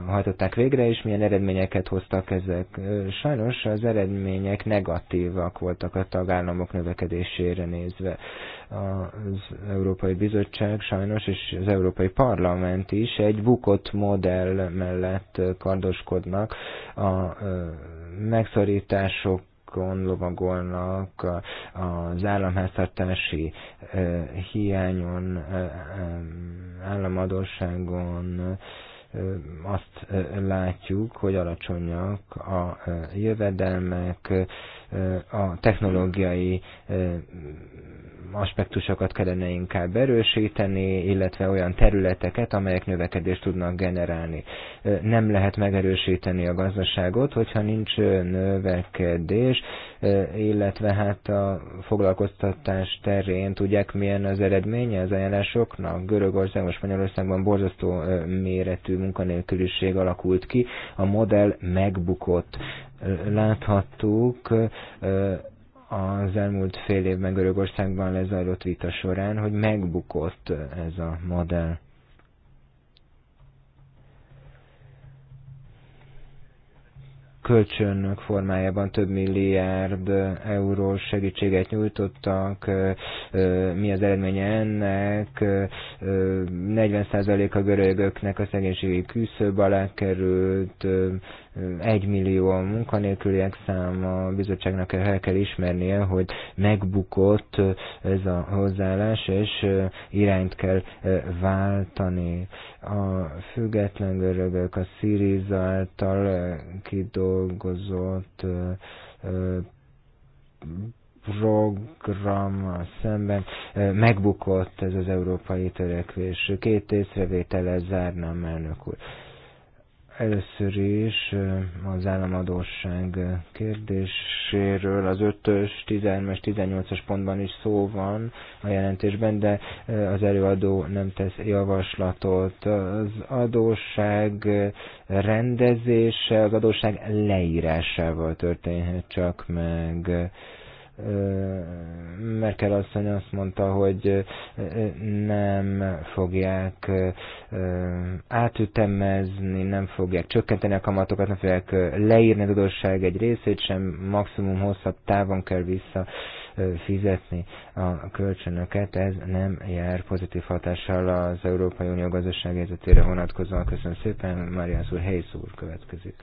hajtották végre, és milyen eredményeket hoztak ezek. Sajnos az eredmények negatívak voltak a tagállamok növekedésére nézve az Európai Bizottság sajnos, és az Európai Parlament is egy bukott modell mellett kardoskodnak a megszorítások lovagolnak az államháztartási hiányon, államadóságon, azt látjuk, hogy alacsonyak a jövedelmek, a technológiai aspektusokat kellene inkább erősíteni, illetve olyan területeket, amelyek növekedést tudnak generálni. Nem lehet megerősíteni a gazdaságot, hogyha nincs növekedés, illetve hát a foglalkoztatás terén tudják, milyen az eredménye az ajánlásoknak. Görögországban, Spanyolországban borzasztó méretű munkanélküliség alakult ki, a modell megbukott láthattuk az elmúlt fél évben Görögországban lezajlott vita során, hogy megbukott ez a modell. kölcsönök formájában több milliárd eurós segítséget nyújtottak. Mi az eredménye ennek? 40% a görögöknek a szegénységi küszöb alá került, egy millió a munkanélküliek száma, a bizottságnak el kell ismernie, hogy megbukott ez a hozzáállás, és irányt kell váltani. A független görögök a Syriza által kidolgozott programmal szemben megbukott ez az európai törekvés. Két észrevétele zárnám, elnök úr. Először is az államadóság kérdéséről az 5-ös, 13-es, 18-as pontban is szó van a jelentésben, de az előadó nem tesz javaslatot. Az adósság rendezése, az adósság leírásával történhet csak meg Merkel asszony azt mondta, hogy nem fogják átütemezni, nem fogják csökkenteni a kamatokat, nem fogják leírni a tudosság egy részét sem, maximum hosszabb távon kell vissza fizetni a kölcsönöket, ez nem jár pozitív hatással az Európai Unió gazdasági helyzetére vonatkozóan. Köszönöm szépen, Mária úr, helyszúr úr következik.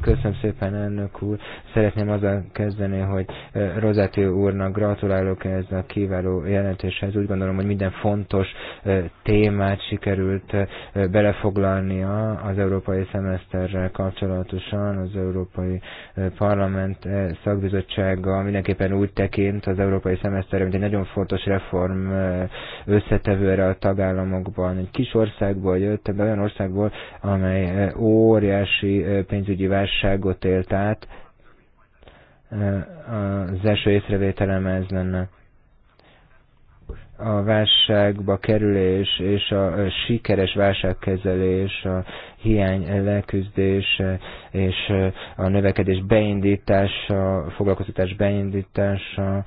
Köszönöm szépen, elnök úr. Szeretném azzal kezdeni, hogy eh, Rozető úrnak gratulálok ez a kiváló jelentéshez. Úgy gondolom, hogy minden fontos eh, témát sikerült eh, belefoglalnia az európai szemeszterrel kapcsolatosan. Az Európai Parlament szakbizottsága mindenképpen úgy tekint az európai szemeszterre, mint egy nagyon fontos reform összetevőre a tagállamokban. Egy kis országból jött, ebben olyan országból, amely óriási pénzügyi pénzügyi válságot élt át, eh, az első észrevételem ez lenne. A válságba kerülés és a sikeres válságkezelés, a hiány leküzdése és eh, a növekedés beindítása, foglalkoztatás beindítása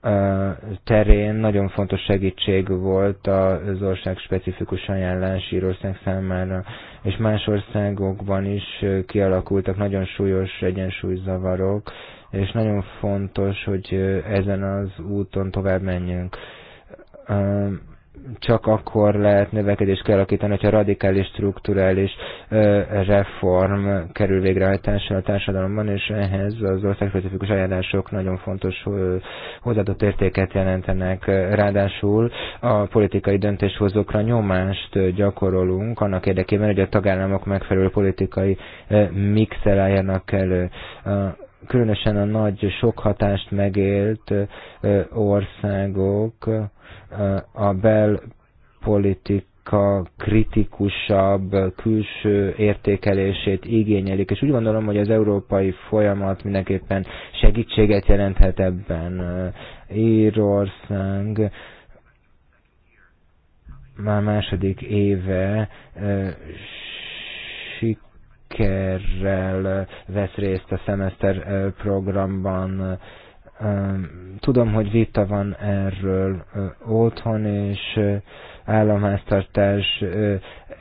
eh, terén nagyon fontos segítség volt az ország specifikus ajánlás Írország számára és más országokban is kialakultak nagyon súlyos egyensúlyzavarok, és nagyon fontos, hogy ezen az úton tovább menjünk csak akkor lehet növekedést kialakítani, hogyha radikális strukturális reform kerül végrehajtásra a társadalomban, és ehhez az országspecifikus ajánlások nagyon fontos hozzáadott értéket jelentenek. Ráadásul a politikai döntéshozókra nyomást gyakorolunk annak érdekében, hogy a tagállamok megfelelő politikai mixel álljanak elő különösen a nagy sok hatást megélt országok a belpolitika kritikusabb külső értékelését igényelik, és úgy gondolom, hogy az európai folyamat mindenképpen segítséget jelenthet ebben. Írország már második éve sikerrel vesz részt a szemeszter programban, Tudom, hogy vita van erről otthon, és államháztartás,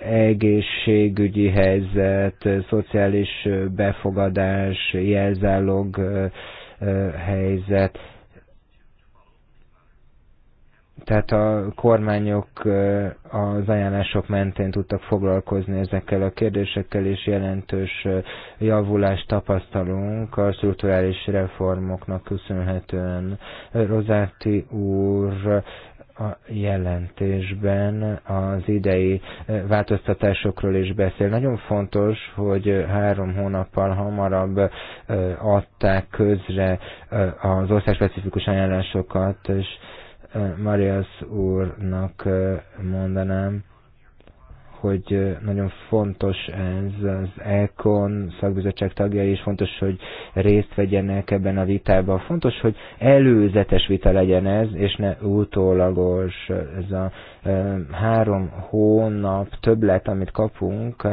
egészségügyi helyzet, szociális befogadás, jelzálog helyzet tehát a kormányok az ajánlások mentén tudtak foglalkozni ezekkel a kérdésekkel, és jelentős javulást tapasztalunk a strukturális reformoknak köszönhetően. Rozáti úr a jelentésben az idei változtatásokról is beszél. Nagyon fontos, hogy három hónappal hamarabb adták közre az országspecifikus ajánlásokat, és Marias úrnak mondanám, hogy nagyon fontos ez az ECON szakbizottság tagjai, és fontos, hogy részt vegyenek ebben a vitában. Fontos, hogy előzetes vita legyen ez, és ne utólagos. Ez a három hónap többlet, amit kapunk,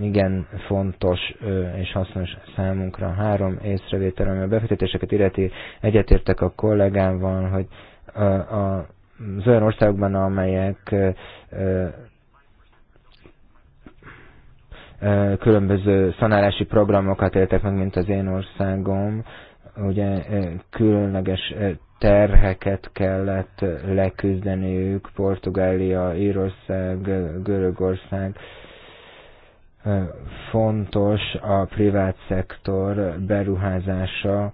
igen fontos és hasznos számunkra. Három észrevétel, ami a befektetéseket illeti, egyetértek a kollégámban, hogy az olyan országokban, amelyek különböző szanálási programokat éltek meg, mint az én országom, ugye különleges terheket kellett leküzdeniük, Portugália, Írország, Görögország. Fontos a privát szektor beruházása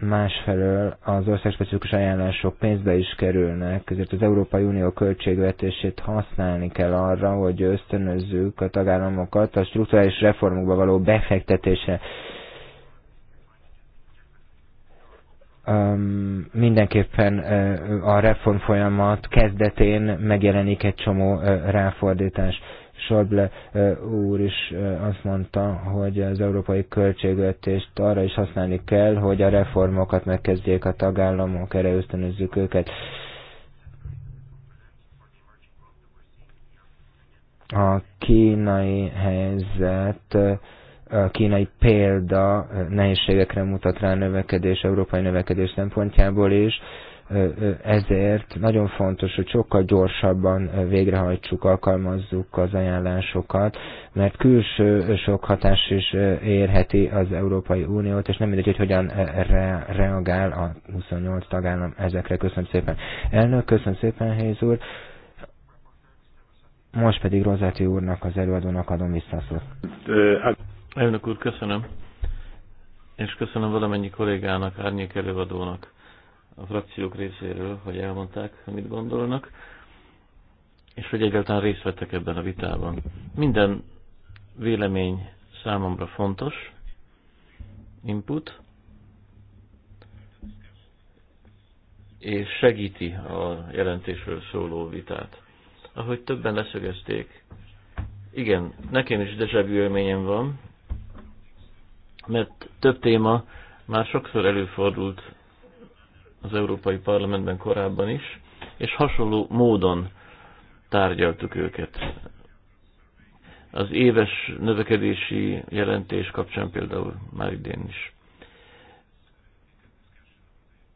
másfelől az országspecifikus ajánlások pénzbe is kerülnek, ezért az Európai Unió költségvetését használni kell arra, hogy ösztönözzük a tagállamokat a strukturális reformokba való befektetése. Um, mindenképpen uh, a reform folyamat kezdetén megjelenik egy csomó uh, ráfordítás. Uh, Sorble eh, úr is eh, azt mondta, hogy az európai költségvetést arra is használni kell, hogy a reformokat megkezdjék a tagállamok, erre ösztönözzük őket. A kínai helyzet a kínai példa nehézségekre mutat rá a növekedés, európai növekedés szempontjából is ezért nagyon fontos, hogy sokkal gyorsabban végrehajtsuk, alkalmazzuk az ajánlásokat, mert külső sok hatás is érheti az Európai Uniót, és nem mindegy, hogy hogyan re- reagál a 28 tagállam ezekre. Köszönöm szépen. Elnök, köszönöm szépen, Héz úr. Most pedig Rozáti úrnak, az előadónak adom vissza szót. Hát- Elnök úr, köszönöm. És köszönöm valamennyi kollégának, árnyék előadónak a frakciók részéről, hogy elmondták, amit gondolnak, és hogy egyáltalán részt vettek ebben a vitában. Minden vélemény számomra fontos input, és segíti a jelentésről szóló vitát. Ahogy többen leszögezték, igen, nekem is dejavű élményem van, mert több téma már sokszor előfordult az Európai Parlamentben korábban is, és hasonló módon tárgyaltuk őket. Az éves növekedési jelentés kapcsán például már idén is.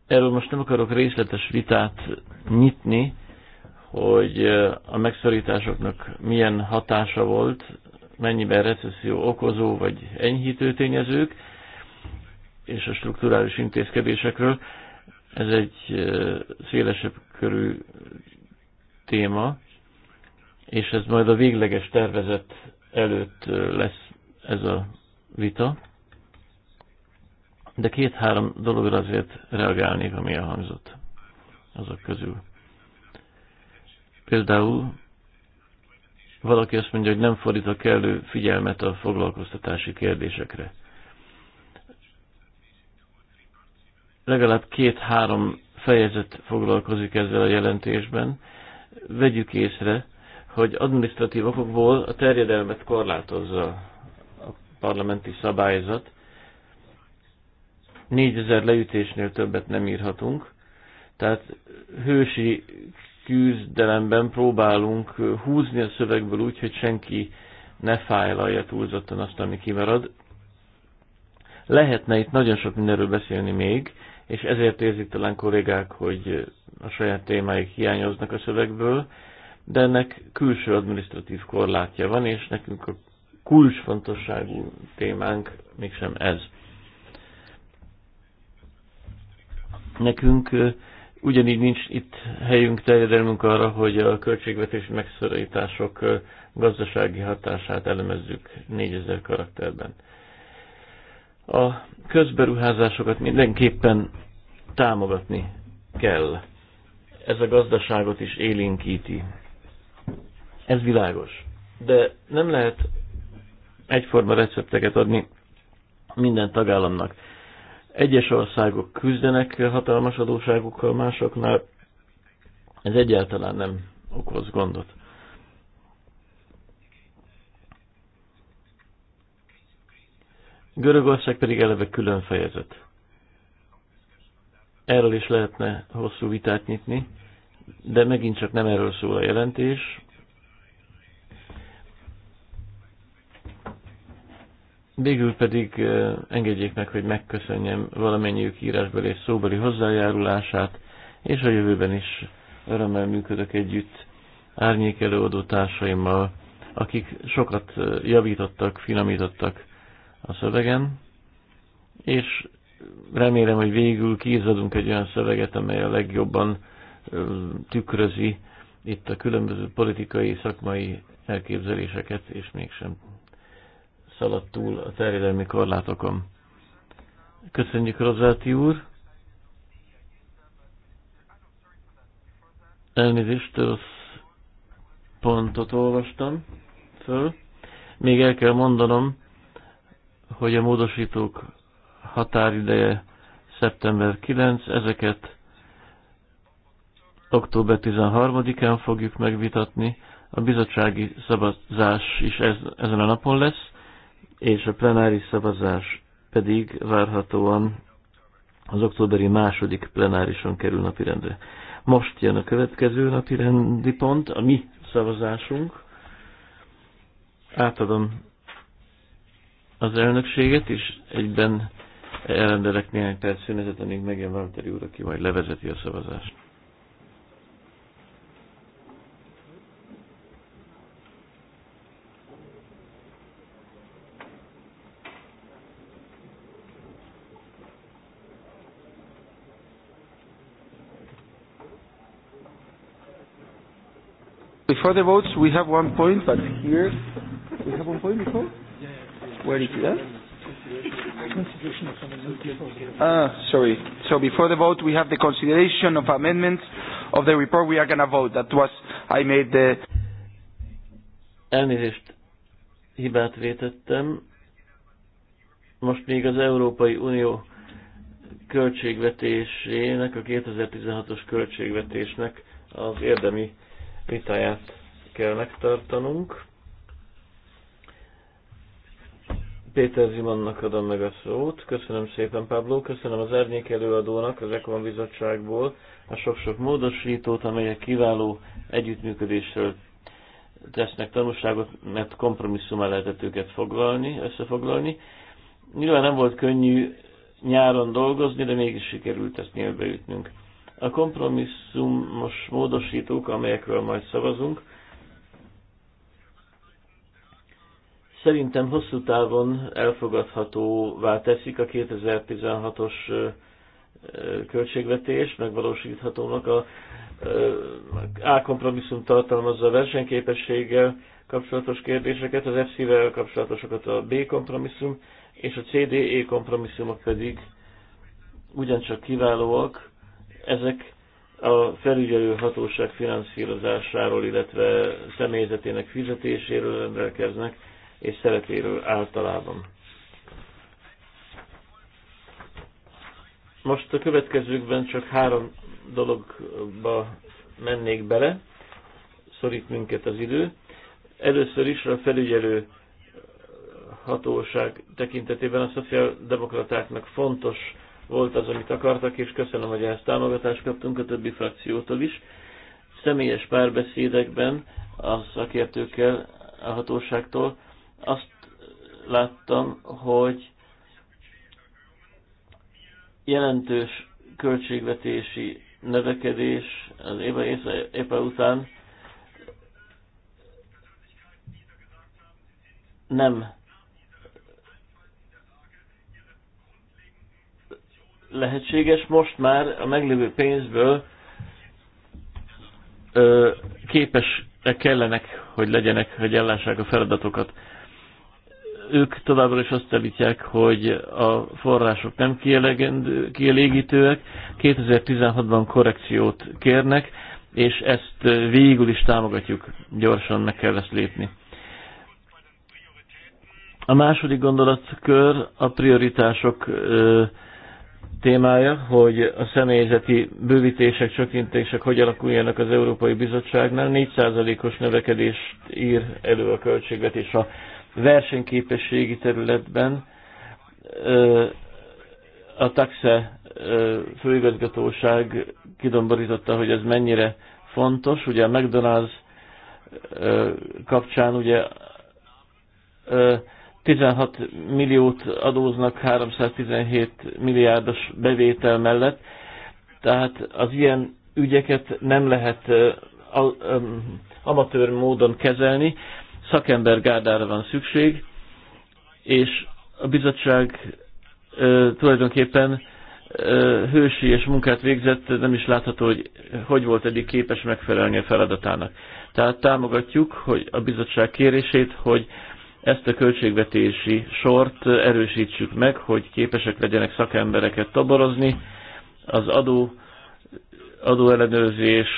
Erről most nem akarok részletes vitát nyitni, hogy a megszorításoknak milyen hatása volt, mennyiben recesszió okozó vagy enyhítő tényezők, és a strukturális intézkedésekről. Ez egy szélesebb körű téma, és ez majd a végleges tervezet előtt lesz ez a vita. De két-három dologra azért reagálnék, ami elhangzott azok közül. Például valaki azt mondja, hogy nem fordít a kellő figyelmet a foglalkoztatási kérdésekre. Legalább két-három fejezet foglalkozik ezzel a jelentésben. Vegyük észre, hogy administratív okokból a terjedelmet korlátozza a parlamenti szabályzat. 4000 leütésnél többet nem írhatunk, tehát hősi küzdelemben próbálunk húzni a szövegből úgy, hogy senki ne fájlalja túlzottan azt, ami kimarad. Lehetne itt nagyon sok mindenről beszélni még, és ezért érzik talán kollégák, hogy a saját témáik hiányoznak a szövegből, de ennek külső administratív korlátja van, és nekünk a kulcsfontosságú témánk mégsem ez. Nekünk ugyanígy nincs itt helyünk, terjedelmünk arra, hogy a költségvetési megszorítások gazdasági hatását elemezzük 4000 karakterben. A közberuházásokat mindenképpen támogatni kell. Ez a gazdaságot is élénkíti. Ez világos. De nem lehet egyforma recepteket adni minden tagállamnak. Egyes országok küzdenek hatalmas adóságukkal, másoknál ez egyáltalán nem okoz gondot. Görögország pedig eleve külön fejezet. Erről is lehetne hosszú vitát nyitni, de megint csak nem erről szól a jelentés. Végül pedig eh, engedjék meg, hogy megköszönjem valamennyiük írásbeli és szóbeli hozzájárulását, és a jövőben is örömmel működök együtt árnyék előadó társaimmal, akik sokat eh, javítottak, finomítottak a szövegem, és remélem, hogy végül kiizadunk egy olyan szöveget, amely a legjobban tükrözi itt a különböző politikai, szakmai elképzeléseket, és mégsem szaladt túl a terjedelmi korlátokon. Köszönjük Rozáti úr! Elnézést, pontot olvastam föl. Még el kell mondanom, hogy a módosítók határideje szeptember 9, ezeket október 13-án fogjuk megvitatni, a bizottsági szavazás is ez, ezen a napon lesz, és a plenáris szavazás pedig várhatóan az októberi második plenárison kerül napirendre. Most jön a következő napirendi pont, a mi szavazásunk. Átadom az elnökséget, és egyben elrendelek néhány perc szünetet, amíg megjön Valteri úr, aki majd levezeti a szavazást. Before the votes, we have one point, but here we have one point before. Where did you go? Ah, sorry. So before the vote, we have the consideration of amendments of the report we are going to vote. That was, I made the... Elnézést, hibát vétettem. Most még az Európai Unió költségvetésének, a 2016-os költségvetésnek az érdemi vitáját kell megtartanunk. Péter Zimannak adom meg a szót. Köszönöm szépen, Pablo. Köszönöm az Ernyék előadónak az Ekon Bizottságból a sok-sok módosítót, amelyek kiváló együttműködésről tesznek tanulságot, mert kompromisszum lehetett őket foglalni, összefoglalni. Nyilván nem volt könnyű nyáron dolgozni, de mégis sikerült ezt nyilvbeütnünk. A kompromisszumos módosítók, amelyekről majd szavazunk, szerintem hosszú távon elfogadhatóvá teszik a 2016-os költségvetés, megvalósíthatónak a A kompromisszum tartalmazza a versenyképességgel kapcsolatos kérdéseket, az FC-vel kapcsolatosokat a B kompromisszum, és a CDE kompromisszumok pedig ugyancsak kiválóak. Ezek a felügyelő hatóság finanszírozásáról, illetve személyzetének fizetéséről rendelkeznek és szeretéről általában. Most a következőkben csak három dologba mennék bele, szorít minket az idő. Először is a felügyelő hatóság tekintetében a szociáldemokratáknak fontos volt az, amit akartak, és köszönöm, hogy ezt támogatást kaptunk a többi frakciótól is. Személyes párbeszédekben a szakértőkkel, a hatóságtól azt láttam, hogy jelentős költségvetési növekedés az éve, éve után nem lehetséges. Most már a meglévő pénzből képesek kellenek, hogy legyenek, hogy ellássák a feladatokat ők továbbra is azt állítják, hogy a források nem kielégítőek, 2016-ban korrekciót kérnek, és ezt végül is támogatjuk, gyorsan meg kell ezt lépni. A második gondolatkör a prioritások ö, témája, hogy a személyzeti bővítések, csökkintések hogy alakuljanak az Európai Bizottságnál. 4%-os növekedést ír elő a költségvetés a versenyképességi területben a taxe főigazgatóság kidomborította, hogy ez mennyire fontos. Ugye a McDonald's kapcsán ugye 16 milliót adóznak 317 milliárdos bevétel mellett, tehát az ilyen ügyeket nem lehet amatőr módon kezelni gárdára van szükség, és a bizottság e, tulajdonképpen e, hősi és munkát végzett, nem is látható, hogy hogy volt eddig képes megfelelni a feladatának. Tehát támogatjuk hogy a bizottság kérését, hogy ezt a költségvetési sort erősítsük meg, hogy képesek legyenek szakembereket toborozni, az adó adóellenőrzés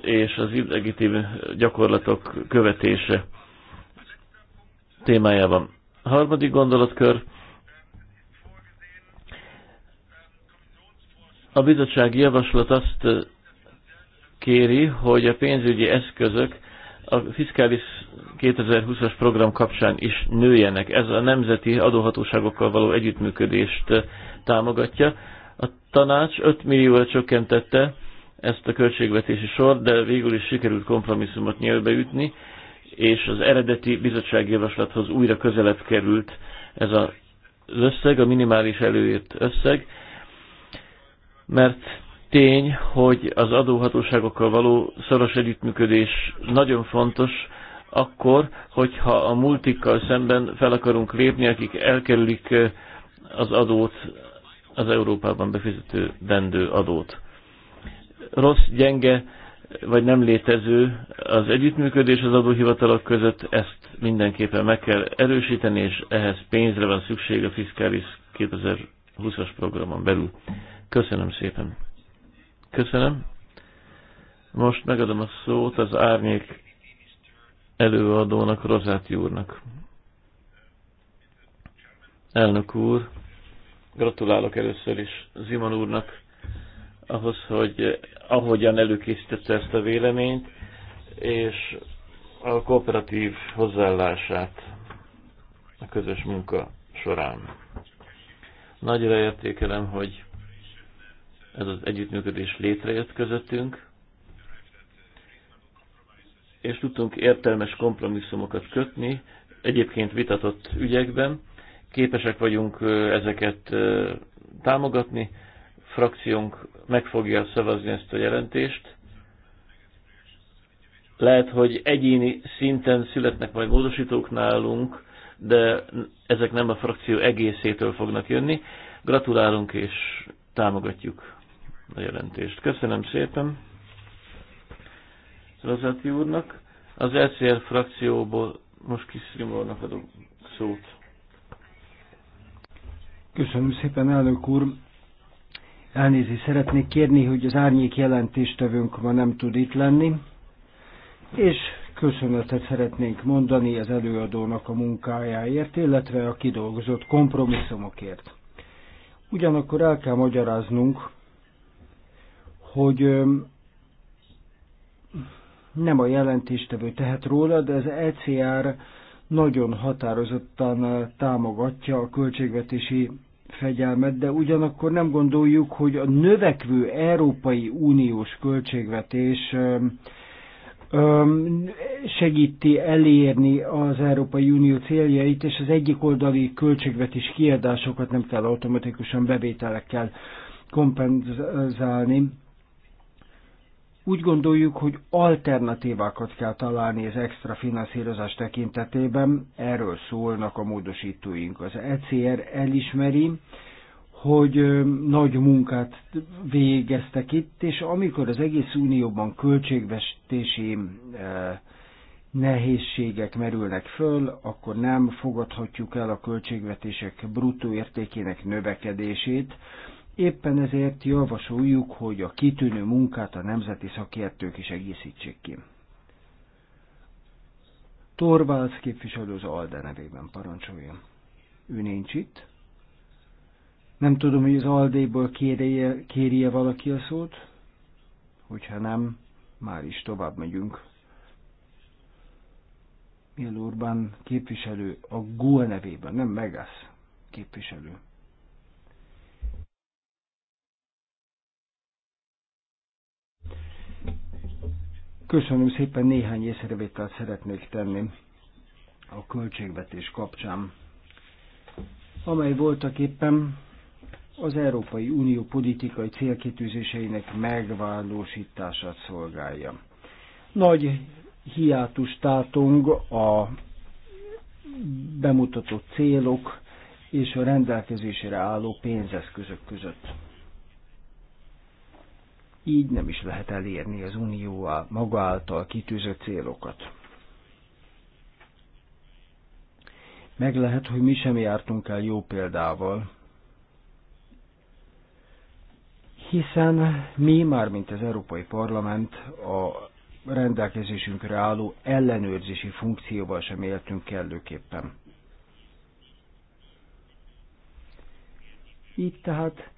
és az illegitim gyakorlatok követése témájában. A harmadik gondolatkör a bizottsági javaslat azt kéri, hogy a pénzügyi eszközök a fiskális 2020-as program kapcsán is nőjenek. Ez a nemzeti adóhatóságokkal való együttműködést támogatja. A tanács 5 millióra csökkentette ezt a költségvetési sor, de végül is sikerült kompromisszumot nyelbe ütni, és az eredeti bizottságjavaslathoz újra közelebb került ez az összeg, a minimális előírt összeg, mert tény, hogy az adóhatóságokkal való szoros együttműködés nagyon fontos, akkor, hogyha a multikkal szemben fel akarunk lépni, akik elkerülik az adót, az Európában befizető vendő adót rossz, gyenge vagy nem létező az együttműködés az adóhivatalok között, ezt mindenképpen meg kell erősíteni, és ehhez pénzre van szükség a fiskális 2020-as programon belül. Köszönöm szépen. Köszönöm. Most megadom a szót az árnyék előadónak, Rozáti úrnak. Elnök úr, gratulálok először is Ziman úrnak ahhoz, hogy ahogyan előkészítette ezt a véleményt, és a kooperatív hozzáállását a közös munka során. Nagyra értékelem, hogy ez az együttműködés létrejött közöttünk, és tudtunk értelmes kompromisszumokat kötni, egyébként vitatott ügyekben. Képesek vagyunk ezeket támogatni, frakciónk meg fogja szavazni ezt a jelentést. Lehet, hogy egyéni szinten születnek majd módosítók nálunk, de ezek nem a frakció egészétől fognak jönni. Gratulálunk és támogatjuk a jelentést. Köszönöm szépen Rozati úrnak. Az LCR e frakcióból most kiszrimolnak adok szót. Köszönöm szépen, elnök úr. Elnézést szeretnék kérni, hogy az árnyék jelentéstevőnk ma nem tud itt lenni, és köszönetet szeretnénk mondani az előadónak a munkájáért, illetve a kidolgozott kompromisszumokért. Ugyanakkor el kell magyaráznunk, hogy nem a jelentéstevő tehet róla, de az ECR nagyon határozottan támogatja a költségvetési fegyelmet, de ugyanakkor nem gondoljuk, hogy a növekvő Európai Uniós költségvetés segíti elérni az Európai Unió céljait, és az egyik oldali költségvetés kiadásokat nem kell automatikusan bevételekkel kompenzálni. Úgy gondoljuk, hogy alternatívákat kell találni az extra finanszírozás tekintetében, erről szólnak a módosítóink. Az ECR elismeri, hogy nagy munkát végeztek itt, és amikor az egész unióban költségvetési nehézségek merülnek föl, akkor nem fogadhatjuk el a költségvetések bruttó értékének növekedését, Éppen ezért javasoljuk, hogy a kitűnő munkát a nemzeti szakértők is egészítsék ki. Torvalds képviselő az ALDE nevében parancsoljon. Ő nincs itt. Nem tudom, hogy az Aldéból kérje, kérje valaki a szót. Hogyha nem, már is tovább megyünk. Miel képviselő a Gó nevében, nem Megasz képviselő. Köszönöm szépen, néhány észrevételt szeretnék tenni a költségvetés kapcsán, amely voltak éppen az Európai Unió politikai célkitűzéseinek megvalósítását szolgálja. Nagy hiátus tátong a bemutatott célok és a rendelkezésére álló pénzeszközök között így nem is lehet elérni az Unió maga által kitűzött célokat. Meg lehet, hogy mi sem jártunk el jó példával, hiszen mi, már mint az Európai Parlament, a rendelkezésünkre álló ellenőrzési funkcióval sem éltünk kellőképpen. Így tehát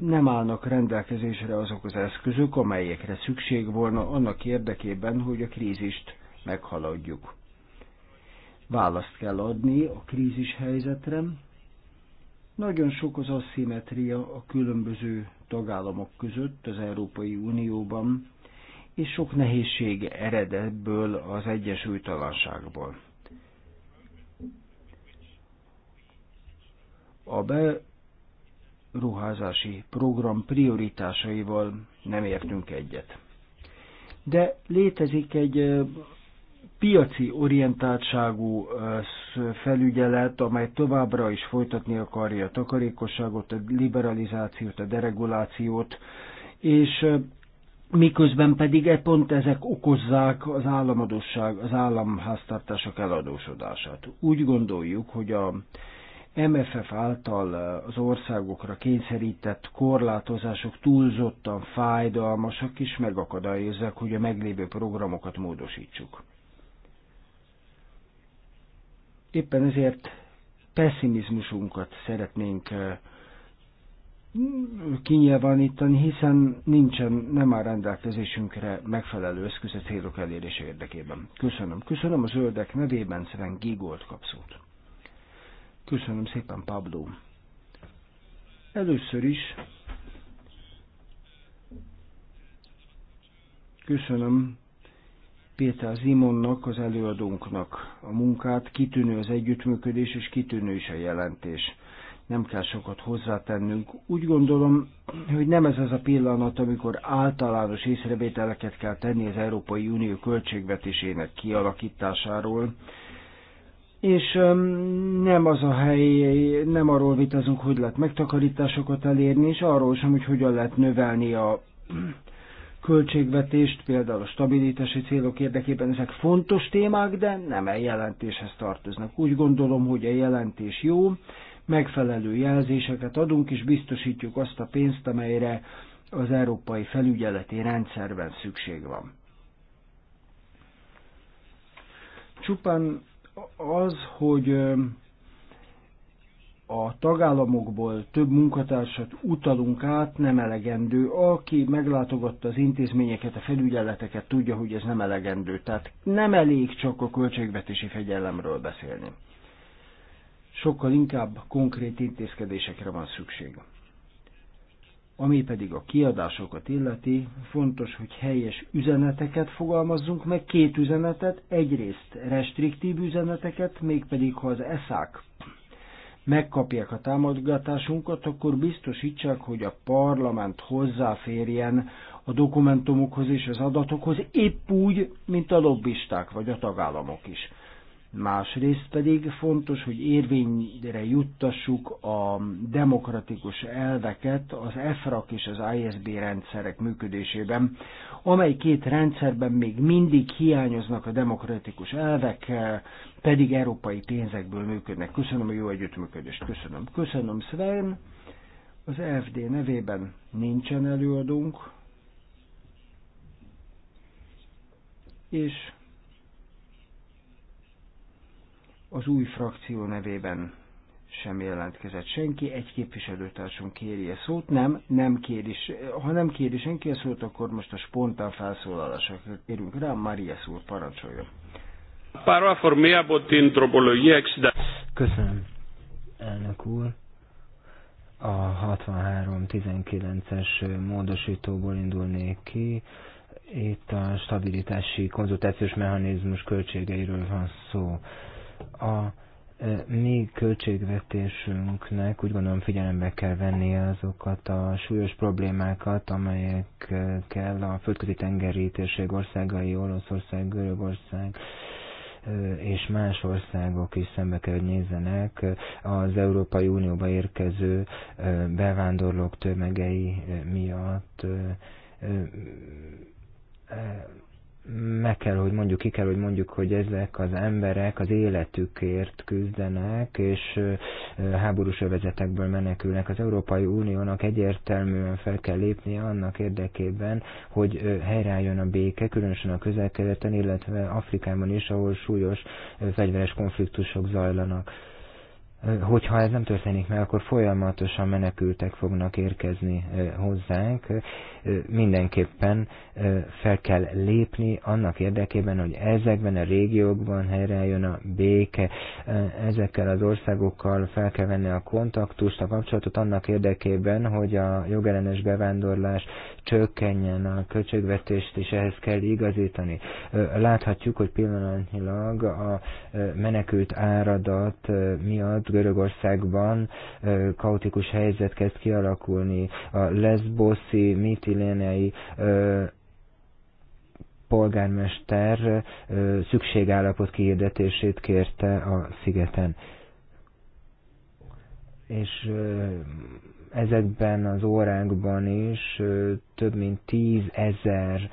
nem állnak rendelkezésre azok az eszközök, amelyekre szükség volna annak érdekében, hogy a krízist meghaladjuk. Választ kell adni a krízis helyzetre. Nagyon sok az asszimetria a különböző tagállamok között az Európai Unióban, és sok nehézség ered ebből az egyesültalanságból. A be, ruházási program prioritásaival nem értünk egyet. De létezik egy piaci orientáltságú felügyelet, amely továbbra is folytatni akarja a takarékosságot, a liberalizációt, a deregulációt, és miközben pedig e pont ezek okozzák az államadóság, az államháztartások eladósodását. Úgy gondoljuk, hogy a MFF által az országokra kényszerített korlátozások túlzottan fájdalmasak és megakadályozzák, hogy a meglévő programokat módosítsuk. Éppen ezért pessimizmusunkat szeretnénk kinyilvánítani, hiszen nincsen, nem áll rendelkezésünkre megfelelő eszköz a célok elérése érdekében. Köszönöm. Köszönöm a zöldek nevében Sven Gigolt kapszót. Köszönöm szépen, Pablo. Először is köszönöm Péter Zimonnak, az előadónknak a munkát, kitűnő az együttműködés, és kitűnő is a jelentés. Nem kell sokat hozzátennünk. Úgy gondolom, hogy nem ez az a pillanat, amikor általános észrevételeket kell tenni az Európai Unió költségvetésének kialakításáról, és nem az a hely, nem arról vitazunk, hogy lehet megtakarításokat elérni, és arról sem, hogy hogyan lehet növelni a költségvetést, például a stabilitási célok érdekében. Ezek fontos témák, de nem a jelentéshez tartoznak. Úgy gondolom, hogy a jelentés jó, megfelelő jelzéseket adunk, és biztosítjuk azt a pénzt, amelyre az európai felügyeleti rendszerben szükség van. Csupán az, hogy a tagállamokból több munkatársat utalunk át, nem elegendő. Aki meglátogatta az intézményeket, a felügyeleteket, tudja, hogy ez nem elegendő. Tehát nem elég csak a költségvetési fegyelemről beszélni. Sokkal inkább konkrét intézkedésekre van szükség. Ami pedig a kiadásokat illeti, fontos, hogy helyes üzeneteket fogalmazzunk meg, két üzenetet, egyrészt restriktív üzeneteket, mégpedig ha az eszák megkapják a támogatásunkat, akkor biztosítsák, hogy a parlament hozzáférjen a dokumentumokhoz és az adatokhoz, épp úgy, mint a lobbisták vagy a tagállamok is. Másrészt pedig fontos, hogy érvényre juttassuk a demokratikus elveket az EFRAK és az ISB rendszerek működésében, amely két rendszerben még mindig hiányoznak a demokratikus elvek, pedig európai pénzekből működnek. Köszönöm a jó együttműködést. Köszönöm. Köszönöm, Sven. Az FD nevében nincsen előadunk, És Az új frakció nevében sem jelentkezett senki, egy képviselőtársam kéri a szót, nem, nem kéri, ha nem kéri senki a szót, akkor most a spontán felszólalásra kérünk rá, Maria szót parancsoljon. Köszönöm, elnök úr. A 63-19-es módosítóból indulnék ki. Itt a stabilitási konzultációs mechanizmus költségeiről van szó. A e, mi költségvetésünknek úgy gondolom figyelembe kell venni azokat a súlyos problémákat, amelyekkel a földközi tengeri térség országai, Oroszország, Görögország, e, és más országok is szembe kell, hogy nézzenek az Európai Unióba érkező e, bevándorlók tömegei miatt meg kell, hogy mondjuk, ki kell, hogy mondjuk, hogy ezek az emberek az életükért küzdenek, és háborús övezetekből menekülnek. Az Európai Uniónak egyértelműen fel kell lépnie annak érdekében, hogy helyreálljon a béke, különösen a közelkeleten, illetve Afrikában is, ahol súlyos fegyveres konfliktusok zajlanak hogyha ez nem történik meg, akkor folyamatosan menekültek fognak érkezni hozzánk, mindenképpen fel kell lépni annak érdekében, hogy ezekben a régiókban helyreálljon a béke, ezekkel az országokkal fel kell venni a kontaktust, a kapcsolatot annak érdekében, hogy a jogellenes bevándorlás csökkenjen, a költségvetést is ehhez kell igazítani. Láthatjuk, hogy pillanatnyilag a menekült áradat miatt Görögországban kaotikus helyzet kezd kialakulni. A leszboszi mit sziléniai polgármester szükségállapot kihirdetését kérte a szigeten. És ezekben az órákban is több mint tízezer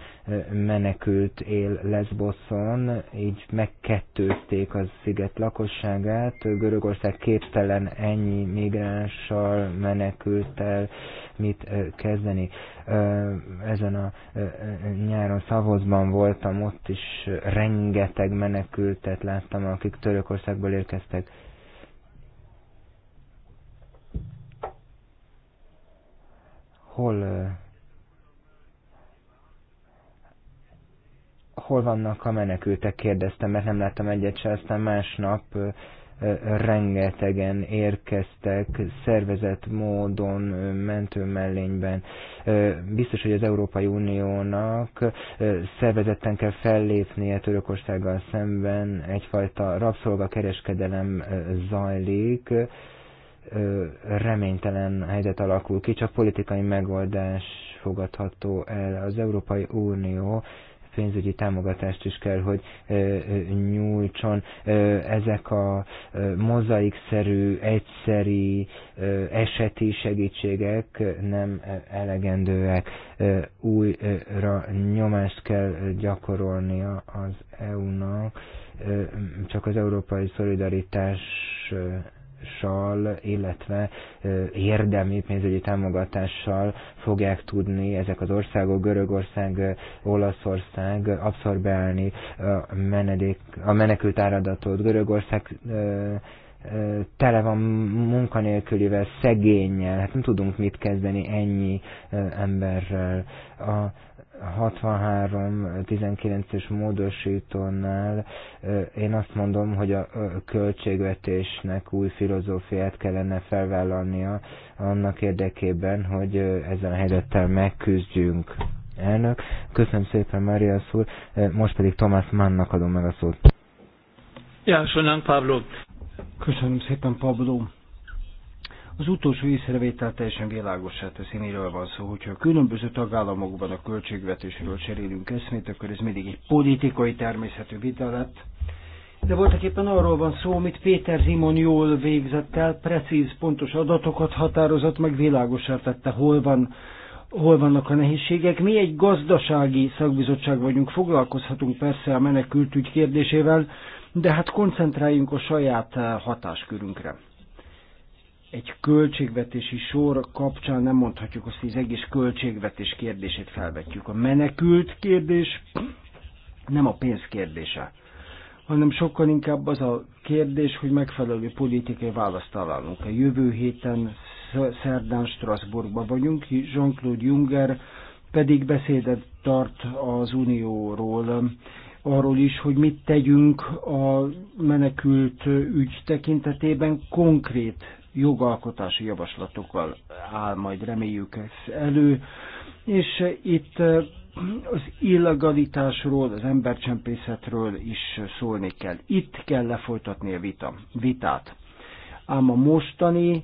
menekült él Lesboszon, így megkettőzték a sziget lakosságát. Görögország képtelen ennyi migránssal, menekültel mit kezdeni. Ezen a nyáron Szavozban voltam, ott is rengeteg menekültet láttam, akik Törökországból érkeztek hol, hol vannak a menekültek, kérdeztem, mert nem láttam egyet se, aztán másnap rengetegen érkeztek szervezett módon, mentő mellényben. Biztos, hogy az Európai Uniónak szervezetten kell fellépnie Törökországgal szemben, egyfajta rabszolgakereskedelem zajlik, reménytelen helyzet alakul ki, csak politikai megoldás fogadható el. Az Európai Unió pénzügyi támogatást is kell, hogy nyújtson. Ezek a mozaikszerű, egyszeri, eseti segítségek nem elegendőek. Újra nyomást kell gyakorolnia az EU-nak, csak az európai szolidaritás támogatással, illetve érdemi pénzügyi támogatással fogják tudni ezek az országok, Görögország, Olaszország abszorbálni a, menedék, a menekült áradatot. Görögország tele van munkanélkülivel, szegényel, hát nem tudunk mit kezdeni ennyi emberrel. A 63-19-es módosítónál én azt mondom, hogy a költségvetésnek új filozófiát kellene felvállalnia annak érdekében, hogy ezzel a helyzettel megküzdjünk. Elnök, köszönöm szépen Mária úr, most pedig Tomás Mannnak adom meg a szót. Ja, Pablo. Köszönöm szépen, Pablo az utolsó észrevétel teljesen világosá teszi, miről van szó, hogyha a különböző tagállamokban a költségvetésről cserélünk eszmét, akkor ez mindig egy politikai természetű vita lett. De voltak éppen arról van szó, amit Péter Zimon jól végzett el, precíz, pontos adatokat határozott, meg világosá tette, hol van hol vannak a nehézségek. Mi egy gazdasági szakbizottság vagyunk, foglalkozhatunk persze a menekültügy kérdésével, de hát koncentráljunk a saját eh, hatáskörünkre egy költségvetési sor kapcsán nem mondhatjuk azt, hogy az egész költségvetés kérdését felvetjük. A menekült kérdés nem a pénz kérdése, hanem sokkal inkább az a kérdés, hogy megfelelő politikai választ találunk. A jövő héten szerdán Strasbourgban vagyunk, Jean-Claude Juncker pedig beszédet tart az Unióról arról is, hogy mit tegyünk a menekült ügy tekintetében konkrét jogalkotási javaslatokkal áll majd reméljük ez elő. És itt az illegalitásról, az embercsempészetről is szólni kell. Itt kell lefolytatni a vita, vitát. Ám a mostani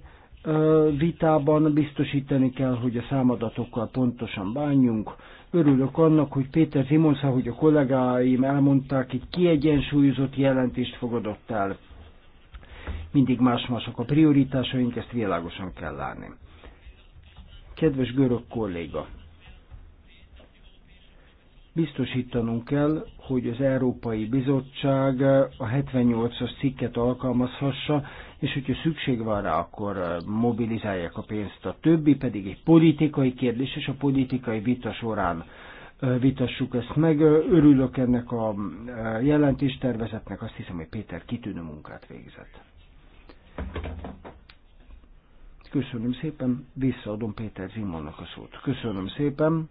vitában biztosítani kell, hogy a számadatokkal pontosan bánjunk, Örülök annak, hogy Péter Simons, ahogy a kollégáim elmondták, egy kiegyensúlyozott jelentést fogadott el. Mindig más-mások a prioritásaink, ezt világosan kell látni. Kedves görög kolléga, biztosítanunk kell, hogy az Európai Bizottság a 78-as cikket alkalmazhassa, és hogyha szükség van rá, akkor mobilizálják a pénzt. A többi pedig egy politikai kérdés, és a politikai vita során vitassuk ezt meg. Örülök ennek a jelentéstervezetnek, azt hiszem, hogy Péter kitűnő munkát végzett. Köszönöm szépen, visszaadom Péter Zimonnak a szót. Köszönöm szépen.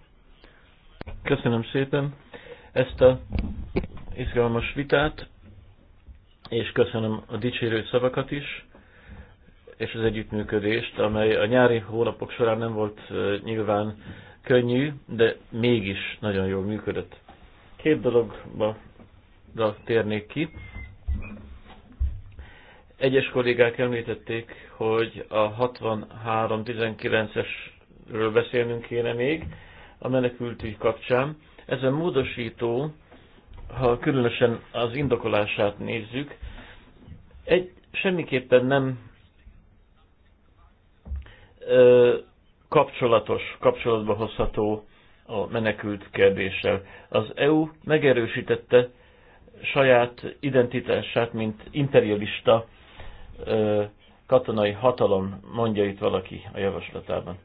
Köszönöm szépen ezt a izgalmas vitát és köszönöm a dicsérő szavakat is, és az együttműködést, amely a nyári hónapok során nem volt nyilván könnyű, de mégis nagyon jól működött. Két dologba térnék ki. Egyes kollégák említették, hogy a 63-19-esről beszélnünk kéne még a menekültügy kapcsán. Ez a módosító ha különösen az indokolását nézzük, egy semmiképpen nem ö, kapcsolatos, kapcsolatba hozható a menekült kérdéssel. Az EU megerősítette saját identitását, mint imperialista ö, katonai hatalom, mondja itt valaki a javaslatában.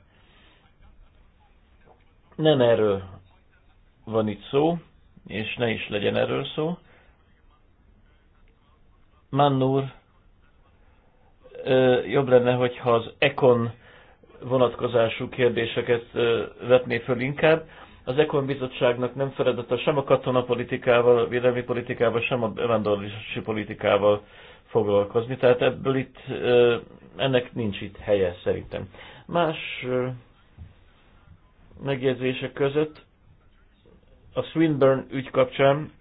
Nem erről van itt szó, és ne is legyen erről szó. Mannur, jobb lenne, hogyha az ekon vonatkozású kérdéseket vetné föl inkább. Az Ekon bizottságnak nem feladata sem a katonapolitikával, a védelmi politikával, sem a bevándorlási politikával foglalkozni. Tehát ebből itt ennek nincs itt helye szerintem. Más megjegyzések között a Swinburne ügy kapcsán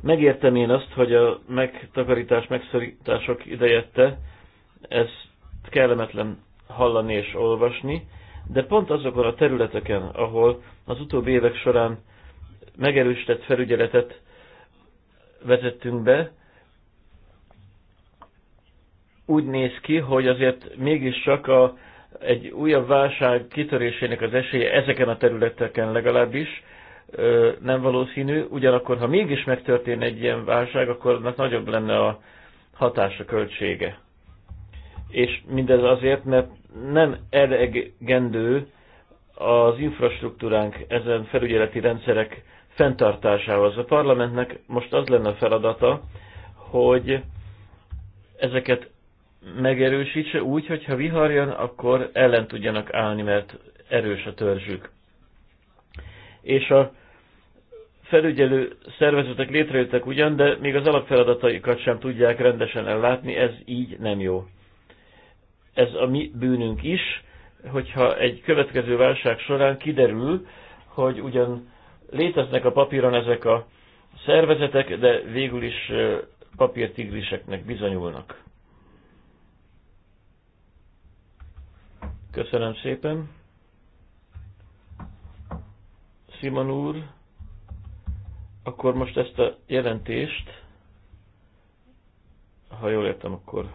megértem én azt, hogy a megtakarítás, megszorítások idejette ez kellemetlen hallani és olvasni, de pont azokon a területeken, ahol az utóbbi évek során megerősített felügyeletet vezettünk be, úgy néz ki, hogy azért mégiscsak a, egy újabb válság kitörésének az esélye ezeken a területeken legalábbis, nem valószínű, ugyanakkor, ha mégis megtörténne egy ilyen válság, akkor annak nagyobb lenne a hatása, költsége. És mindez azért, mert nem elegendő az infrastruktúránk ezen felügyeleti rendszerek fenntartásához. A parlamentnek most az lenne a feladata, hogy ezeket megerősítse úgy, hogyha vihar jön, akkor ellen tudjanak állni, mert erős a törzsük és a felügyelő szervezetek létrejöttek ugyan, de még az alapfeladataikat sem tudják rendesen ellátni, ez így nem jó. Ez a mi bűnünk is, hogyha egy következő válság során kiderül, hogy ugyan léteznek a papíron ezek a szervezetek, de végül is papírtigriseknek bizonyulnak. Köszönöm szépen! Simon úr, akkor most ezt a jelentést, ha jól értem, akkor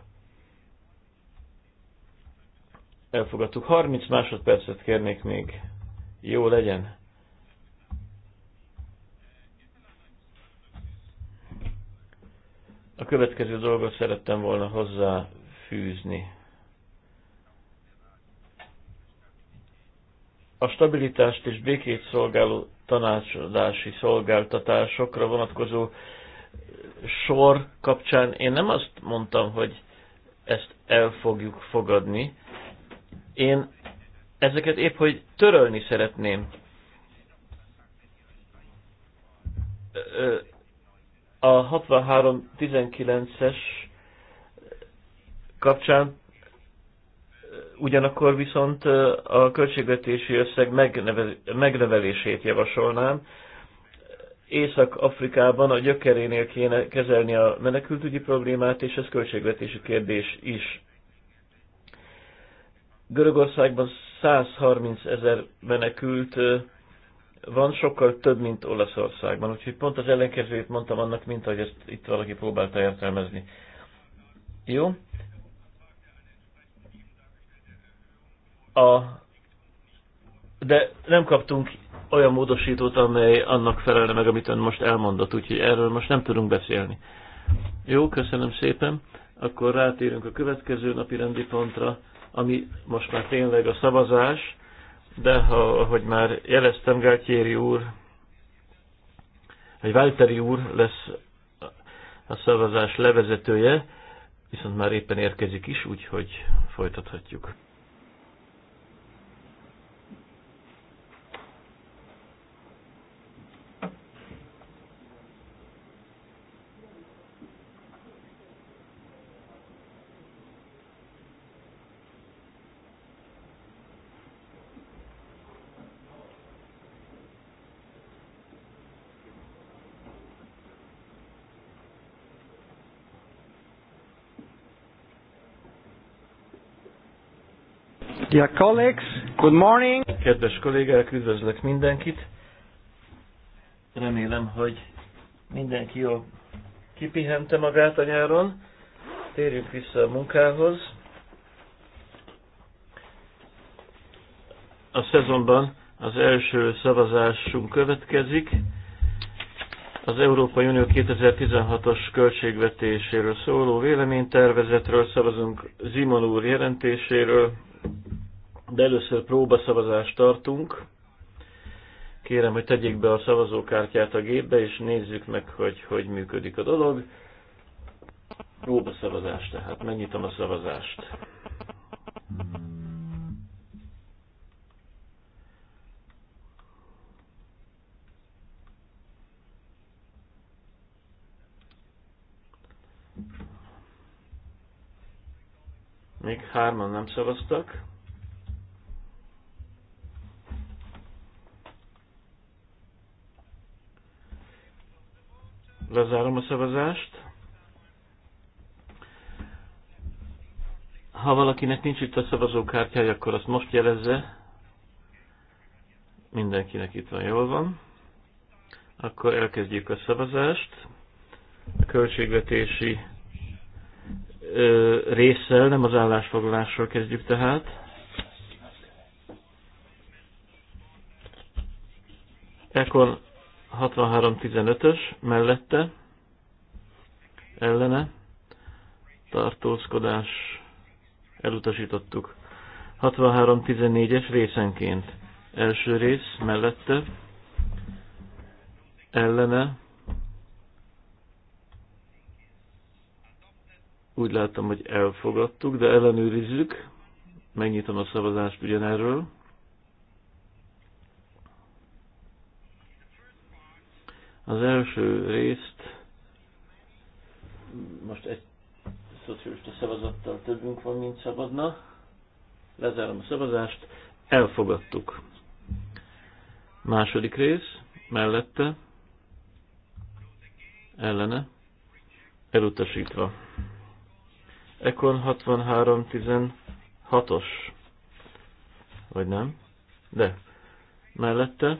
elfogadtuk. 30 másodpercet kérnék még. Jó legyen. A következő dolgot szerettem volna hozzáfűzni. a stabilitást és békét szolgáló tanácsadási szolgáltatásokra vonatkozó sor kapcsán én nem azt mondtam, hogy ezt el fogjuk fogadni. Én ezeket épp, hogy törölni szeretném. A 6319-es kapcsán ugyanakkor viszont a költségvetési összeg megnevelését javasolnám. Észak-Afrikában a gyökerénél kéne kezelni a menekültügyi problémát, és ez költségvetési kérdés is. Görögországban 130 ezer menekült van, sokkal több, mint Olaszországban, úgyhogy pont az ellenkezőjét mondtam annak, mint ahogy ezt itt valaki próbálta értelmezni. Jó, A, de nem kaptunk olyan módosítót, amely annak felelne meg, amit ön most elmondott, úgyhogy erről most nem tudunk beszélni. Jó, köszönöm szépen. Akkor rátérünk a következő napi rendi pontra, ami most már tényleg a szavazás, de ha, ahogy már jeleztem, Gáltyéri úr, vagy Válteri úr lesz a szavazás levezetője, viszont már éppen érkezik is, úgyhogy folytathatjuk. Dear colleagues, good morning. Kedves kollégák, üdvözlök mindenkit. Remélem, hogy mindenki jól kipihente magát a nyáron. Térjünk vissza a munkához. A szezonban az első szavazásunk következik. Az Európai Unió 2016-os költségvetéséről szóló véleménytervezetről szavazunk Zimon úr jelentéséről, de először próbaszavazást tartunk. Kérem, hogy tegyék be a szavazókártyát a gépbe, és nézzük meg, hogy hogy működik a dolog. Próbaszavazás tehát, megnyitom a szavazást. Még hárman nem szavaztak. Lezárom a szavazást. Ha valakinek nincs itt a szavazókártyája, akkor azt most jelezze. Mindenkinek itt van, jól van. Akkor elkezdjük a szavazást. A költségvetési ö, résszel, nem az állásfoglalással kezdjük tehát. Ekkor. 6315-ös mellette ellene tartózkodás elutasítottuk. 6314-es részenként első rész mellette ellene úgy láttam, hogy elfogadtuk, de ellenőrizzük. Megnyitom a szavazást ugyanerről. Az első részt most egy szocialista szavazattal többünk van, mint szabadna. Lezárom a szavazást. Elfogadtuk. Második rész, mellette, ellene, elutasítva. Ekon 6316-os, vagy nem? De, mellette,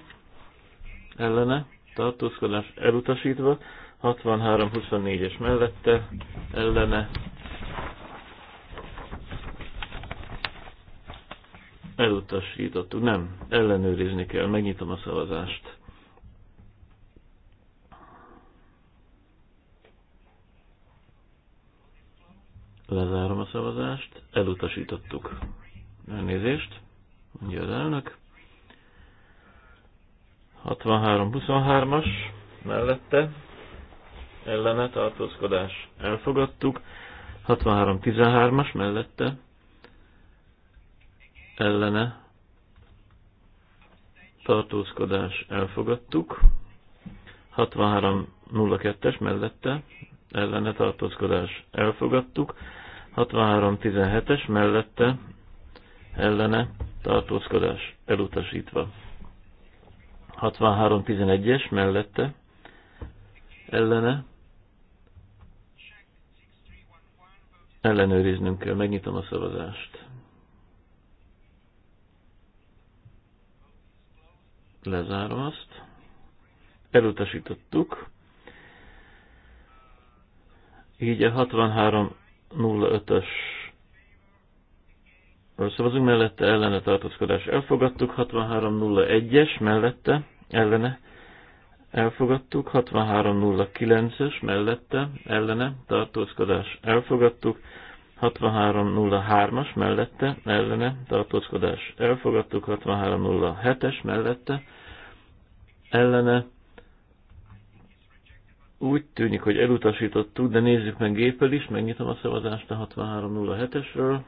ellene, tartózkodás elutasítva, 63-24-es mellette, ellene, elutasítottuk, nem, ellenőrizni kell, megnyitom a szavazást. Lezárom a szavazást, elutasítottuk. Elnézést, mondja az elnök. 63-23-as mellette ellene tartózkodás elfogadtuk. 63-13-as mellette ellene tartózkodás elfogadtuk. 63-02-es mellette ellene tartózkodás elfogadtuk. 63-17-es mellette ellene tartózkodás elutasítva. 6311-es mellette ellene ellenőriznünk kell. Megnyitom a szavazást. Lezárom azt. Elutasítottuk. Így a 6305-ös szavazunk mellette, ellene tartózkodás elfogadtuk, 6301-es mellette, ellene elfogadtuk, 6309-es mellette ellene tartózkodás elfogadtuk, 6303-as mellette ellene tartózkodás elfogadtuk, 6307-es mellette ellene úgy tűnik, hogy elutasítottuk, de nézzük meg géppel is, megnyitom a szavazást a 6307-esről.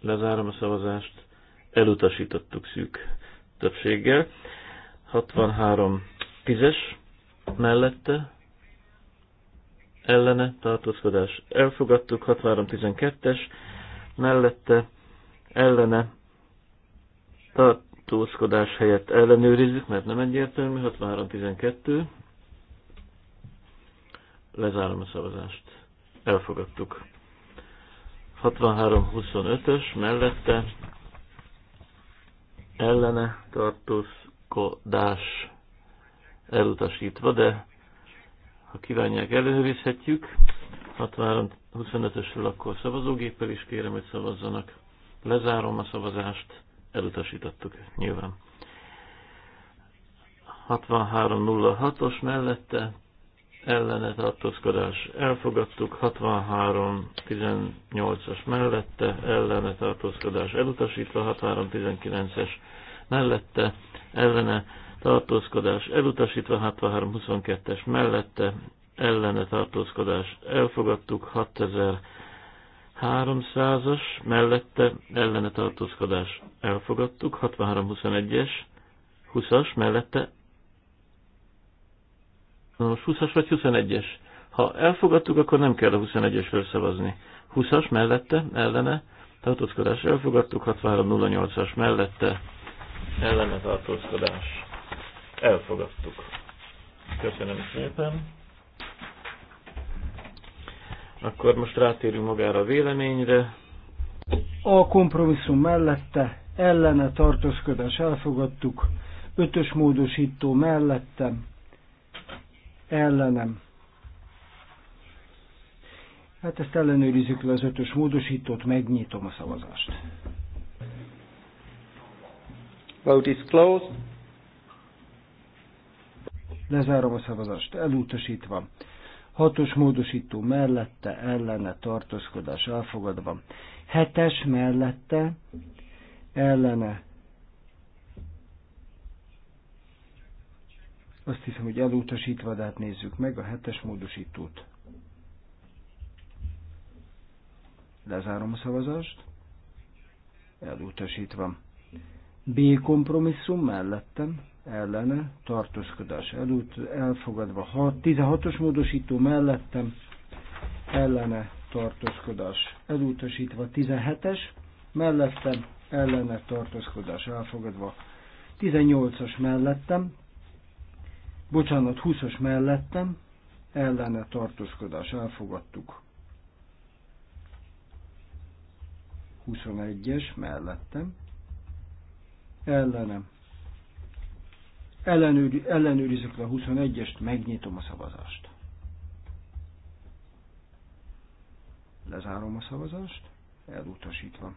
Lezárom a szavazást elutasítottuk szűk többséggel. 63 tízes mellette ellene tartózkodás elfogadtuk, 63-12-es mellette ellene tartózkodás helyett ellenőrizzük, mert nem egyértelmű, 63-12 lezárom a szavazást. Elfogadtuk. 63-25-ös mellette ellene tartózkodás elutasítva, de ha kívánják, előrizhetjük. 63-25-ösről akkor szavazógéppel is kérem, hogy szavazzanak. Lezárom a szavazást, elutasítottuk nyilván. 63-06-os mellette ellene tartózkodás elfogadtuk, 63-18-as mellette, ellene tartózkodás elutasítva, 63-19-es mellette, ellene tartózkodás elutasítva, 63-22-es mellette, ellene tartózkodás elfogadtuk, 6300-as mellette, ellene tartózkodás elfogadtuk, 6321 es 20-as mellette, most 20-as vagy 21-es? Ha elfogadtuk, akkor nem kell a 21-esről szavazni. 20-as mellette, ellene, tartózkodás elfogadtuk, 6308-as mellette, ellene tartózkodás elfogadtuk. Köszönöm szépen. Akkor most rátérünk magára a véleményre. A kompromisszum mellette, ellene tartózkodás elfogadtuk, ötös módosító mellette, ellenem. Hát ezt ellenőrizzük le az ötös módosítót, megnyitom a szavazást. Vote is closed. Lezárom a szavazást, elutasítva. Hatos módosító mellette, ellene, tartózkodás elfogadva. Hetes mellette, ellene, Azt hiszem, hogy elutasítva, de hát nézzük meg a hetes módosítót. Lezárom a szavazást. Elutasítva. B kompromisszum mellettem, ellene, tartózkodás elut, elfogadva. 16-os módosító mellettem, ellene, tartózkodás elutasítva. 17-es mellettem, ellene, tartózkodás elfogadva. 18-as mellettem, bocsánat, 20-as mellettem, ellene tartózkodás elfogadtuk. 21-es mellettem, ellenem. Ellenőri, ellenőrizek le a 21-est, megnyitom a szavazást. Lezárom a szavazást, elutasítva.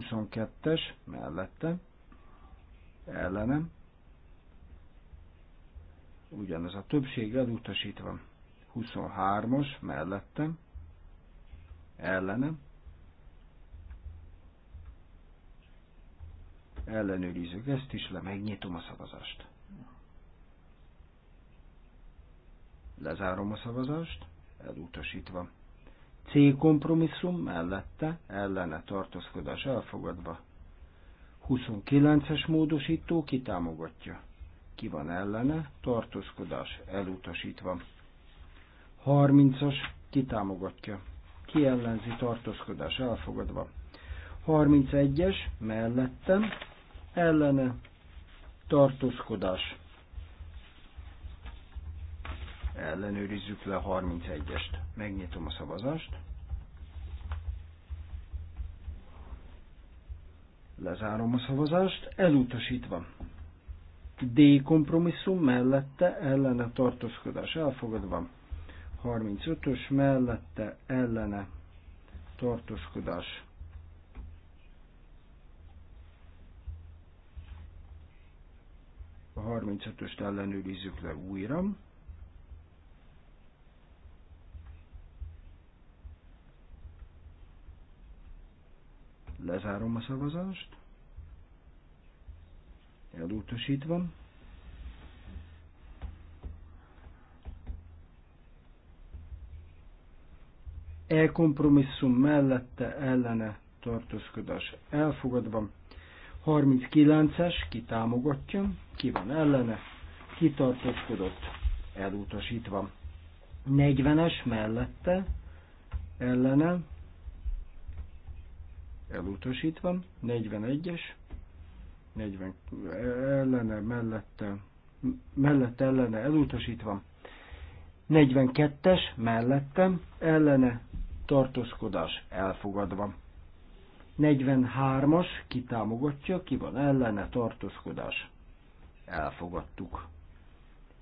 22-es mellettem, ellenem, ugyanaz a többség elutasítva. 23-as mellettem, ellenem, ellenőrizzük ezt is, le megnyitom a szavazást. Lezárom a szavazást, elutasítva. C kompromisszum mellette, ellene tartózkodás elfogadva. 29-es módosító kitámogatja ki van ellene, tartózkodás elutasítva. 30-as, kitámogatja, ki ellenzi, tartózkodás elfogadva. 31-es, mellettem, ellene, tartózkodás. Ellenőrizzük le 31-est. Megnyitom a szavazást. Lezárom a szavazást, elutasítva. D kompromisszum mellette ellene tartózkodás elfogadva. 35-ös mellette ellene tartózkodás. A 35-öst ellenőrizzük le újra. Lezárom a szavazást elutasítva. E kompromisszum mellette ellene tartózkodás elfogadva. 39-es kitámogatja, ki van ellene, kitartózkodott, elutasítva. 40-es mellette, ellene, elutasítva. 41-es 40 ellene, mellette, mellett ellene elutasítva, 42-es mellettem ellene tartózkodás elfogadva. 43-as kitámogatja, ki van ellene tartózkodás. Elfogadtuk.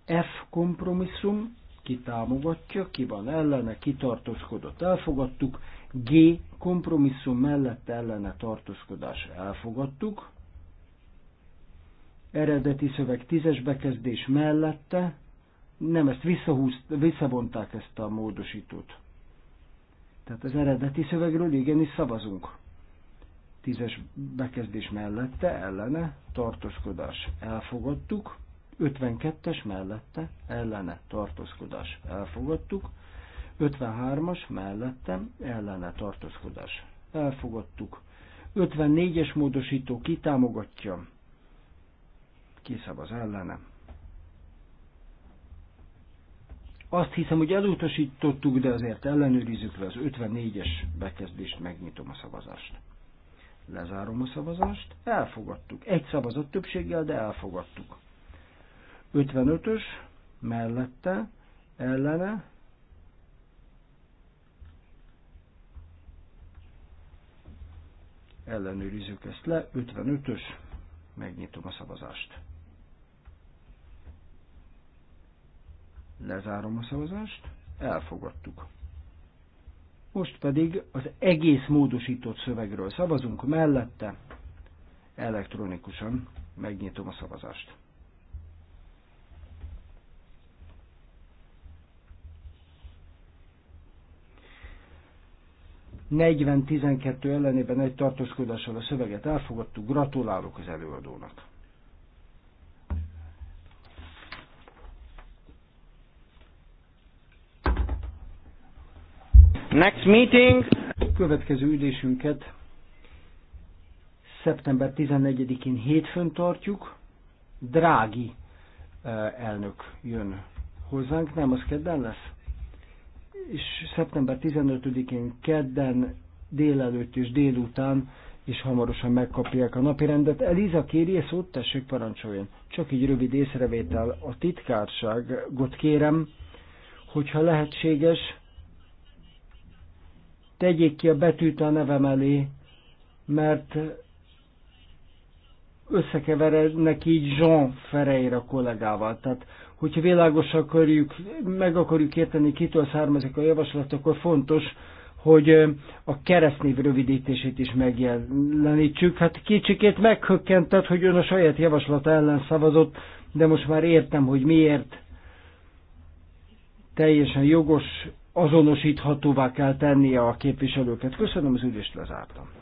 F kompromisszum kitámogatja, ki van ellene, kitartózkodott, elfogadtuk. G kompromisszum mellett ellene tartózkodás elfogadtuk eredeti szöveg tízes bekezdés mellette, nem, ezt visszavonták ezt a módosítót. Tehát az eredeti szövegről igenis szavazunk. Tízes bekezdés mellette, ellene, tartózkodás elfogadtuk. 52-es mellette, ellene, tartózkodás elfogadtuk. 53-as mellette, ellene, tartózkodás elfogadtuk. 54-es módosító kitámogatja, ki ellene? Azt hiszem, hogy elutasítottuk, de azért ellenőrizzük le az 54-es bekezdést, megnyitom a szavazást. Lezárom a szavazást, elfogadtuk. Egy szavazat többséggel, de elfogadtuk. 55-ös, mellette, ellene, ellenőrizzük ezt le, 55-ös, megnyitom a szavazást. Lezárom a szavazást. Elfogadtuk. Most pedig az egész módosított szövegről szavazunk, mellette elektronikusan megnyitom a szavazást. Negyven tizenkettő ellenében egy tartózkodással a szöveget elfogadtuk, gratulálok az előadónak. Next meeting. Következő ülésünket szeptember 14-én hétfőn tartjuk. Drági eh, elnök jön hozzánk, nem az kedden lesz? És szeptember 15-én kedden délelőtt és délután és hamarosan megkapják a rendet. Eliza kéri és ott tessék parancsoljon. Csak így rövid észrevétel. A titkárságot kérem, hogyha lehetséges, tegyék ki a betűt a nevem elé, mert összekeverednek így Jean Ferreira kollégával. Tehát, hogyha világos akarjuk, meg akarjuk érteni, kitől származik a javaslat, akkor fontos, hogy a keresztnév rövidítését is megjelenítsük. Hát kicsikét meghökkentett, hogy ön a saját javaslata ellen szavazott, de most már értem, hogy miért teljesen jogos azonosíthatóvá kell tennie a képviselőket. Köszönöm, az ügyést lezártam.